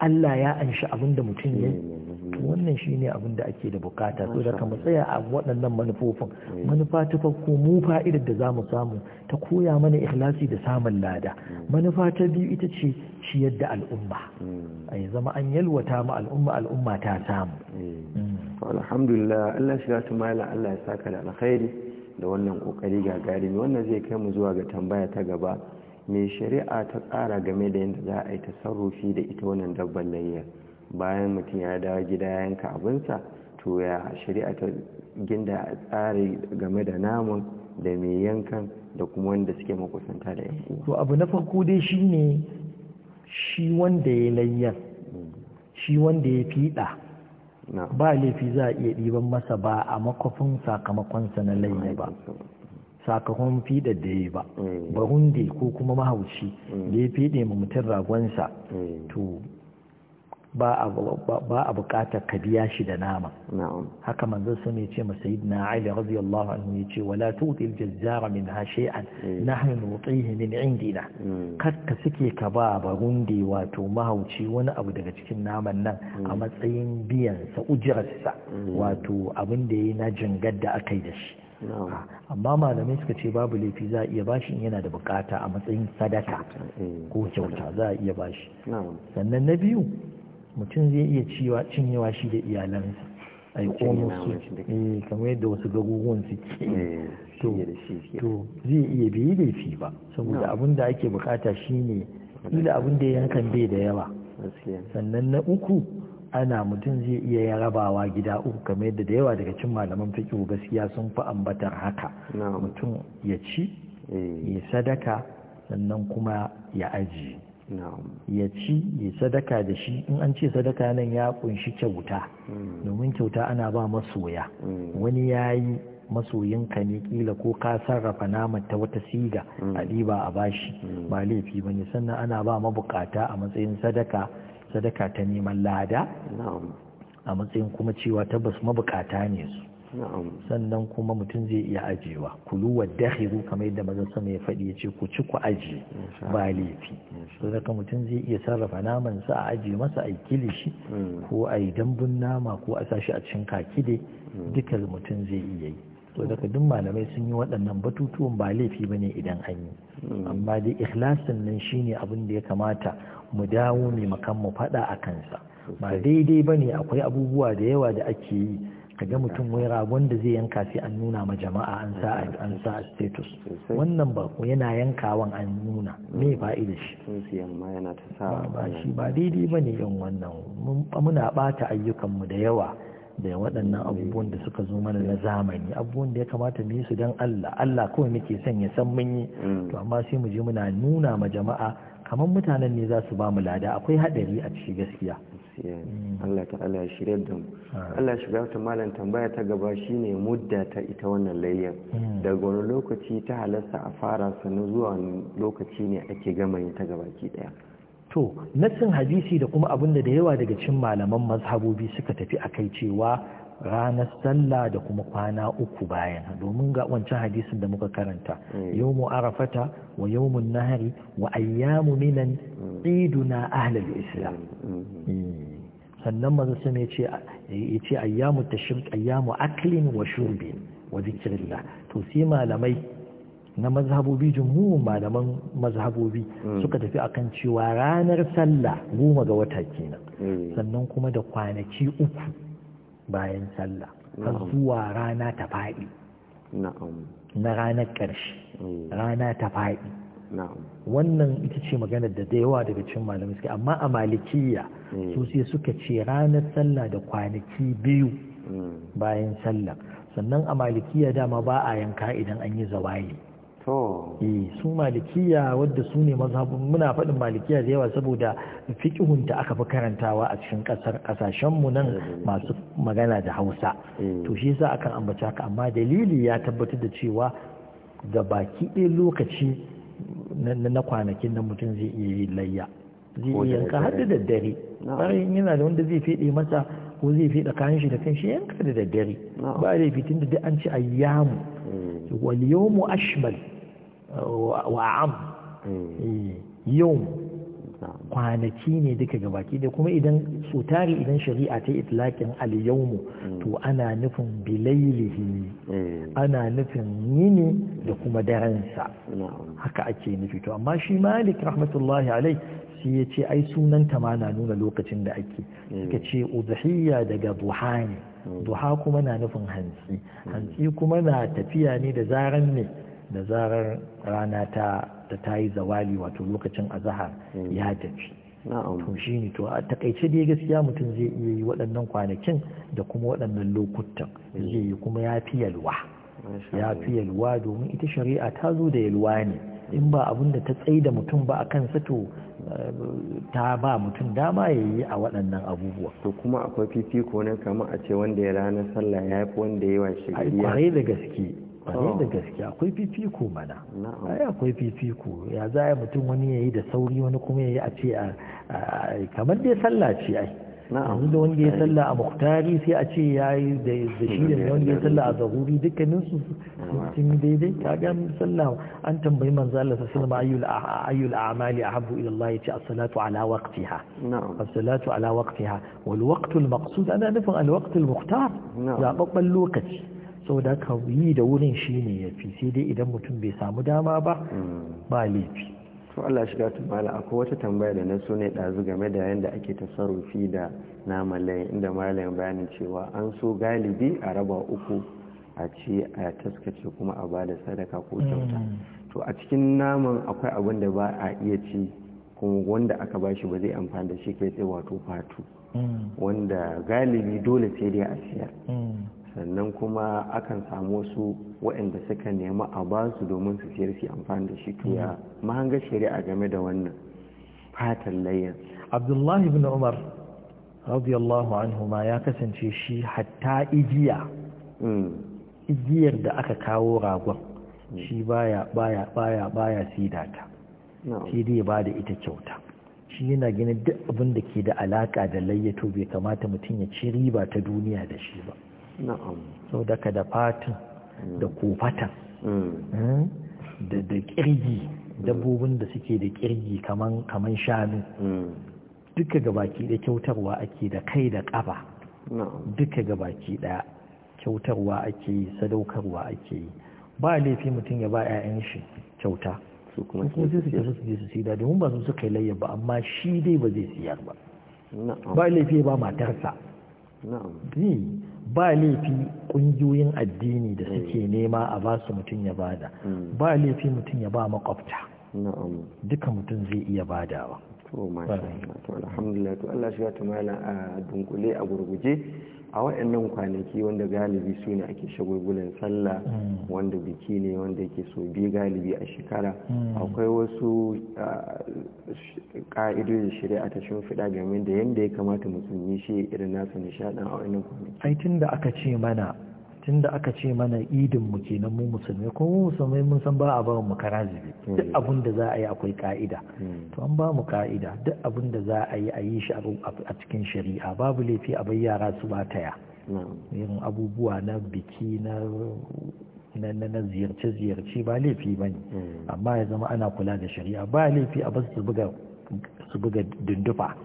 Allah ya anshi abin da mutum ya yi wannan shi ne abin da ake da bukata so da kama tsaya a waɗannan manufofin manufa ta farko mu fa'idar da za mu samu ta koya mana ikhlasi da samun lada manufa ta biyu ita ce ciyar da al'umma a yi zama an yalwata ma al'umma al'umma ta samu mm. alhamdulillah Allah shi ya tumala Allah ya saka da alkhairi da wannan kokari gagarumi wannan zai kai mu zuwa ga tambaya ta gaba mai shari'a ta tsara game da yadda za a yi tasarrufi da ita wannan dabban layyar bayan mutum ya dawo gida yanka abinsa to ya shari'a ta ginda a tsari game da namun da mai yankan da kuma wanda suke makusanta da yanku to abu na farko dai shi ne shi wanda ya layyar shi wanda ya fiɗa ba laifi za a iya ɗiban masa ba a makwafin sakamakonsa na layyar ba sakakon fiɗa da ya ba mm. ba hunde ko kuma mahauci mm. da ya fiɗe ma mutum ragonsa mm. to ba a bukatar ka biya shi da nama haka manzo sun ya ce yi na ali radiyallahu anhu ya ce wala tutil jazzara min ha shay'an nahnu nutihi min indina Karka suke ka ba barundi wato mahauci wani abu daga cikin naman nan a matsayin biyan sa wato abin da yi na jingar da aka yi da shi amma malamai suka ce babu laifi za a iya bashi in yana da bukata a matsayin sadaka eh. ko kyauta za a iya bashi sannan na biyu mutum zai iya cinyewa shi da iyalansa a yi komusu kamar yadda wasu gagugun suke eh, to zai iya biyi laifi ba saboda abin da ake bukata shine ila abin da yankan bai da yawa sannan na uku ana mutum zai iya rabawa gida uku kamar yadda da yawa daga cin malaman fikihu gaskiya sun fi ambatar haka mutum ya ci eh. ya sadaka sannan kuma ya aji ya ci ya sadaka da shi in an ce sadaka nan ya kunshi kyauta hmm. domin kyauta ana ba masoya hmm. wani ya yi masoyinka ne kila ko ka sarrafa naman ta wata siga a hmm. ɗiba a bashi ba laifi ba ne sannan ana ba mabukata a matsayin sadaka sadaka ta neman lada a matsayin kuma cewa tabbas mabukata ne su sannan kuma mutum zai iya ajiyewa kulu wa dakhiru kamar yadda mazan sama ya faɗi ya ce ku ci ku aji ba laifi sadaka mutum zai iya sarrafa naman sa a ajiye masa a kilishi hmm. ko a yi dambun nama ko a sashi a cikin dai hmm. duka mutum zai iya yi so daga hmm. duk malamai sun yi waɗannan batutuwan ba laifi ba ne idan an yi amma dai ikhlasin nan shine abin da ya kamata mu dawo mai makan mu faɗa a kansa ba daidai ba ne akwai abubuwa da yawa da ake yi ka ga mutum wai ragon da zai yanka sai an nuna ma jama'a an sa an sa status wannan ba yana yankawan an nuna me ba mm. fa'ida shi ba shi ba daidai ba ne yin wannan muna ɓata ayyukanmu da yawa da waɗannan mm. abubuwan da suka zo mana na zamani abubuwan da ya kamata mu yi su don Allah Allah kawai muke son ya san mun yi mm. to amma sai mu je muna nuna ma jama'a kamar mutanen ne za su ba mu lada akwai haɗari a cikin gaskiya Allah ta'ala ya shirya da mu Allah ya shiga ta malam tambaya ta gaba shine mudda ta ita wannan layyan. Hmm. daga wani lokaci ta halasta a fara sannan zuwa lokaci ne ake gama yin ta gabaki daya to nassin hadisi da kuma abin da da yawa daga cikin malaman mazhabobi suka tafi akai cewa ranar sallah da kuma kwana uku bayan domin ga wancan hadisin da muka karanta eh. Yau mu arafata wa yau mu nahari wa ayyamu minan hmm. iduna ahlul hmm, islam hmm, sannan maza sun ya ce ayyamu tashrik ayyamu aklin wa shurbin wa zikrillah to sai malamai na mazhabobi jumhurin malaman mazhabobi suka tafi akan cewa ranar sallah goma ga wata kenan sannan kuma da kwanaki uku bayan sallah zuwa rana ta faɗi na ranar ƙarshe mm. rana ta faɗi wannan ita ce maganar da da yawa daga cikin malamai suke amma a malikiya mm. su sai suka ce ranar sallah da kwanaki biyu mm. bayan sallah sannan a malikiya dama ba a yanka idan an yi zawayi E, su malikiya wadda su ne mazhabin muna faɗin malikiya da yawa saboda fiƙihun ta aka fi karantawa a cikin ƙasar ƙasashen mu nan eh. masu magana da Hausa eh. to shi yasa akan ambace haka amma dalili ya tabbatar da cewa ga baki ɗaya lokaci na kwanakin nan mutum zai iya yi layya zai iya yanka hadda da daddare bayan yana da wanda zai fiɗe masa ko zai fiɗa kayan shi da kan shi yanka da daddare ba da fitin da duk an ci ayyamu wal yawmu ashmal wa'am mm. eh, yau kwanaki ne duka gabaki da kuma idan so idan shari'a ta itlaƙin al-yawmu mm. to ana nufin bilailihi mm. ana nufin yini da kuma daransa haka ake nufi to amma shi malik rahmatullahi alai sai ya ce ai sunan ta ma na nuna lokacin da ake suka ce udhiyya daga duha ne duha kuma na nufin hantsi hantsi kuma na tafiya ne da zaran ne da zarar rana ta da ta yi zawali wato lokacin azahar mm. ya tafi to shi ne to a takaice dai gaskiya mutum zai iya yi waɗannan kwanakin da kuma waɗannan lokutan mm. zai yi kuma ya fi yalwa ya fi yalwa domin ita shari'a ta zo da yalwa ne in ba abin da ta tsaye da mutum ba a kansa to eh, ta ba mutum dama ya yi a waɗannan abubuwa. To kuma akwai fifiko na kama a ce wanda ya ranar sallah ya fi wanda ya yi wa shigari. Kwarai da gaske kwarai da oh. gaske akwai fifiko mana ai akwai fifiko ya za a mutum wani ya yi da sauri wani kuma ya yi a ce kamar dai sallah ce ai yanzu da wanda ya sallah a muktari sai a ce ya yi da shi da wanda ya sallah a zahuri dukkanin su sun daidai ta ga an tambayi manzo Allah sallallahu alaihi ayyul a'mali ahabbu ila Allah yace as-salatu ala waqtiha as-salatu ala waqtiha wal waqtu maqsud ana nufin al-waqtu al zababban lokaci saboda ka yi da wurin shi ne ya fi sai dai idan mutum bai samu dama ba mm. ba laifi to Allah shiga tumala akwai wata tambaya da na so ne ɗazu game da yadda ake tasarrufi da namalai inda malayin bayanin cewa an so galibi a raba uku a ce a taskace kuma a ba da sadaka ko kyauta mm. to a cikin naman akwai abin da ba a iya ci kuma wanda aka ba shi ba zai amfani da shi kai tsaye wato fatu mm. wanda galibi dole sai dai a siyar sannan kuma akan samu wasu waɗanda suka nema a ba su domin su siyar su amfani da shi tuya mm. mahangar shari'a game da wannan fatan layyan abdullahi ibn umar radiyallahu anhu ma ya kasance shi hatta igiya mm. igiyar da aka kawo ragon mm. shi baya baya baya baya sidata shi dai ba da ita kyauta shi yana gina duk abin da ke da alaka da layyato bai kamata mutum ya ci riba ta duniya da shi ba sau daga da fatan da mm. kofatan mm. eh, da kirgi mm. dabbobin da suke da kirgi kaman shanu duka gabaki da kyautarwa ake da kai da kaba duka gabaki da kyautarwa ake yi sadaukarwa ake yi ba laifi mutum ya ba 'ya'yan shi kyauta su kuma su je su mun su domin ba su suka yi layya ba amma shi dai ba zai siyar ba ba laifi ba matarsa ba laifi ƙungiyoyin addini da suke mm. nema a ba su mutum ya bada mm. ba laifi mutum ya ba makwabta duka mutum zai iya badawa to masha Allah to to Allah shi ya tumala a dunkule a gurguje a waɗannan kwanaki wanda galibi su ne ake shagulgulan sallah mm. wanda biki ne wanda yake so bi galibi a shekara mm. akwai wasu ƙa'idodin shari'a ta shimfiɗa game da yadda ya kamata musulmi shi irin nasa nishaɗin a waɗannan kwanaki Aitin da aka ce mana tunda aka ce mana idin mu kenan mu musulmai ko mu musulmai mun san ba a ba mu karazibi hmm. duk abin da za a yi akwai ka'ida hmm. to an ba mu ka'ida duk abin da za a yi a yi shi a cikin shari'a babu laifi a bai yara su ba taya hmm. irin abubuwa na biki na na ziyarce-ziyarce ba laifi ba ne amma ya zama ana kula da shari'a ba laifi a basu su buga dundufa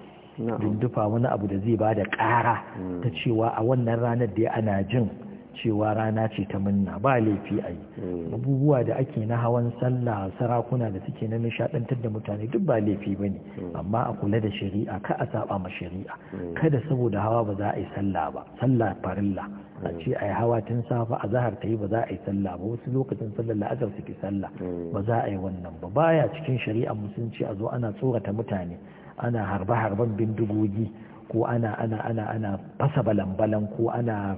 dundufa wani abu da zai ba da ƙara ta cewa a wannan ranar da ana jin cewa rana ce ta minna ba laifi a yi hmm. abubuwa da ake na hawan sallah sarakuna da suke na nishadantar da mutane duk ba laifi ba ne hmm. amma a kula da shari'a ka a saba ma shari'a hmm. kada saboda hawa ba za a yi sallah ba sallah farilla a ce a yi hawa tun safa a zahar ta yi ba za a yi sallah ba wasu lokacin sallar la'azar suke sallah ba za a yi wannan ba baya cikin shari'a musulunci a zo ana tsorata mutane ana harbe-harben bindigogi ko ana ana ana ana fasa balan-balan ko ana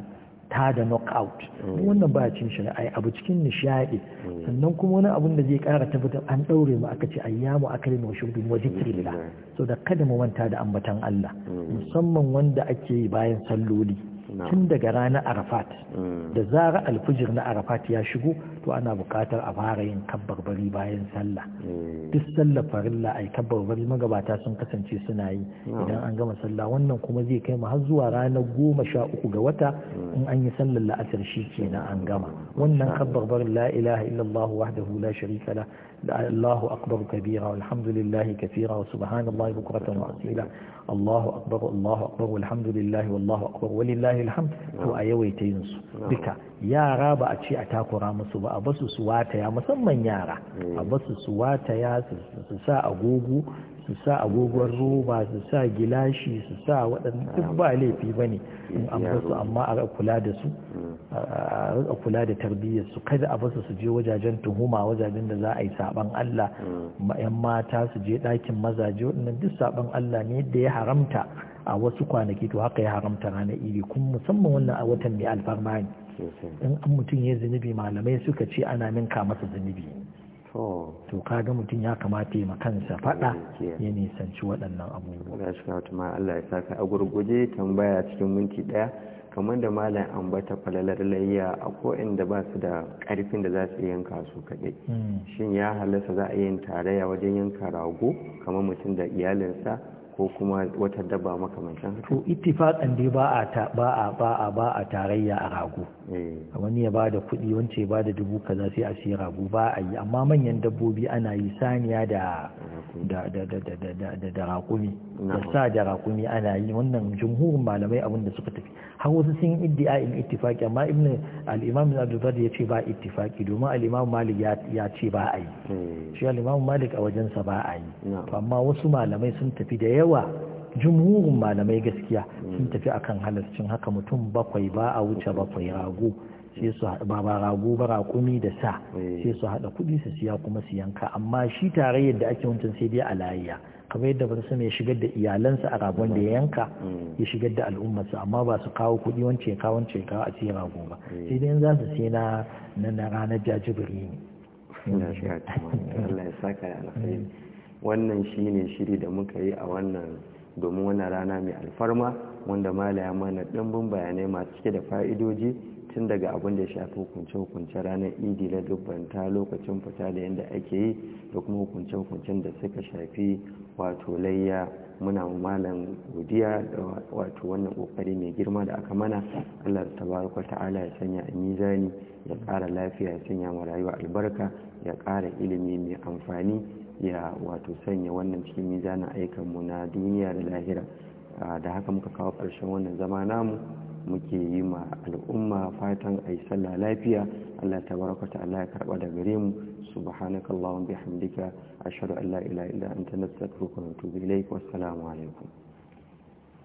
ta da knockout mm. wannan ba cin shi ai abu cikin nishadi mm. sannan kuma wani abun da zai kara tabbatar an daure mu aka ce ayyamu akali wa shurbi wa zikrillah mm. so da kada mu manta da ambatan Allah musamman wanda ake yi bayan salloli tun daga ranar arafat mm. da zara alfijir na arafat ya shigo to ana bukatar a fara yin kabbarbari bayan sallah mm. duk sallah farilla ai kabbarbari magabata sun kasance suna yi idan an gama sallah wannan kuma zai kai mu har zuwa ranar goma sha uku ga wata mm. in an yi sallar la'asar shi kenan an gama wannan kabbarbarin la ilaha illallah wahdahu la sharika la الله أكبر كبيرا والحمد لله كثيرا وسبحان الله بكرة وأصيلا الله أكبر الله أكبر والحمد لله والله أكبر ولله الحمد نعم. هو ايويتينس نعم. بك yara ba a ce a takura musu ba a basu su wataya musamman yara a basu su wataya su sa agogo su sa agogon roba su sa gilashi su sa waɗanda duk ba laifi ba ne a an basu amma a kula da su a kula da tarbiyyar su kada a basu su je wajajen tuhuma wajajen da za a yi saban Allah yan mata su je ɗakin mazaje waɗannan duk saban Allah ne da ya haramta a wasu kwanaki to haka ya haramta ranar iri kuma musamman wannan a watan mai alfarma in an mutum ya zunubi malamai suka ce ana ninka masa zunubi to kaga mutum ya kamata ya makansa fada ya nisanci waɗannan abubuwa ga shi ma Allah ya saka a gurguje tambaya cikin minti daya kamar da malam ambata falalar layya a ko'in da ba su da karfin da za su yi yanka su kaɗai hmm. shin ya halasta za a yi tarayya wajen yanka rago kamar mutum da iyalinsa ko kuma wata dabba makamancin haka to ittifaqan dai ba a ta ba a ba a ba a tarayya a rago eh. wani ya bada kuɗi wance ya bada dubu kaza sai a siya rago ba a yi amma manyan dabbobi ana yi saniya da da da da da da rakumi da sa da rakumi ana yi wannan jumhurin malamai abin da suka tafi har wasu sun yi iddia in ittifaqi amma ibnu al-imam Abdul Bari ya ce ba ittifaqi domin al-imam Malik ya ce ba a yi eh. shi al-imam Malik a wajensa ba a yi amma wasu malamai sun tafi da yawa yawa jumhurin malamai gaskiya sun tafi akan halarcin haka mutum bakwai ba a wuce bakwai rago sai su ba rago ba raƙumi da sa eh. sai su haɗa kuɗi su siya kuma su yanka amma shi tare yadda ake wancan sai dai a layiya kamar yadda ba sama ya shigar da iyalansa a ragon da ya yanka mm. ya shigar da al'ummarsa amma ba su kawo kuɗi wance ya kawo wance ya a cikin rago ba eh. sai dai za su sai na na ranar jajibiri ne. wannan shine shiri da muka yi a wannan domin wannan rana mai alfarma wanda malaya mana ɗimbin bayanai masu cike da fa'idoji tun daga abin da ya shafi hukunce-hukunce ranar idi na dubbanta lokacin fita da yadda ake yi da kuma hukunce-hukuncen da suka shafi wato layya muna malam godiya da wato wannan kokari mai girma da aka mana allah tabaraka ta'ala ya sanya a mizani ya kara lafiya ya sanya wa rayuwa albarka ya kara ilimi mai amfani ya wato sanya wannan cikin mizanin aikanmu na duniya da lahira da haka muka kawo ƙarshen wannan zama namu muke yi ma al'umma fatan a yi sallah lafiya allah ta baraka ta allah ya karɓa da gare mu subhanaka allahumma bihamdika ashhadu an la ilaha illa anta nastaghfiruka wa atubu ilaik alaikum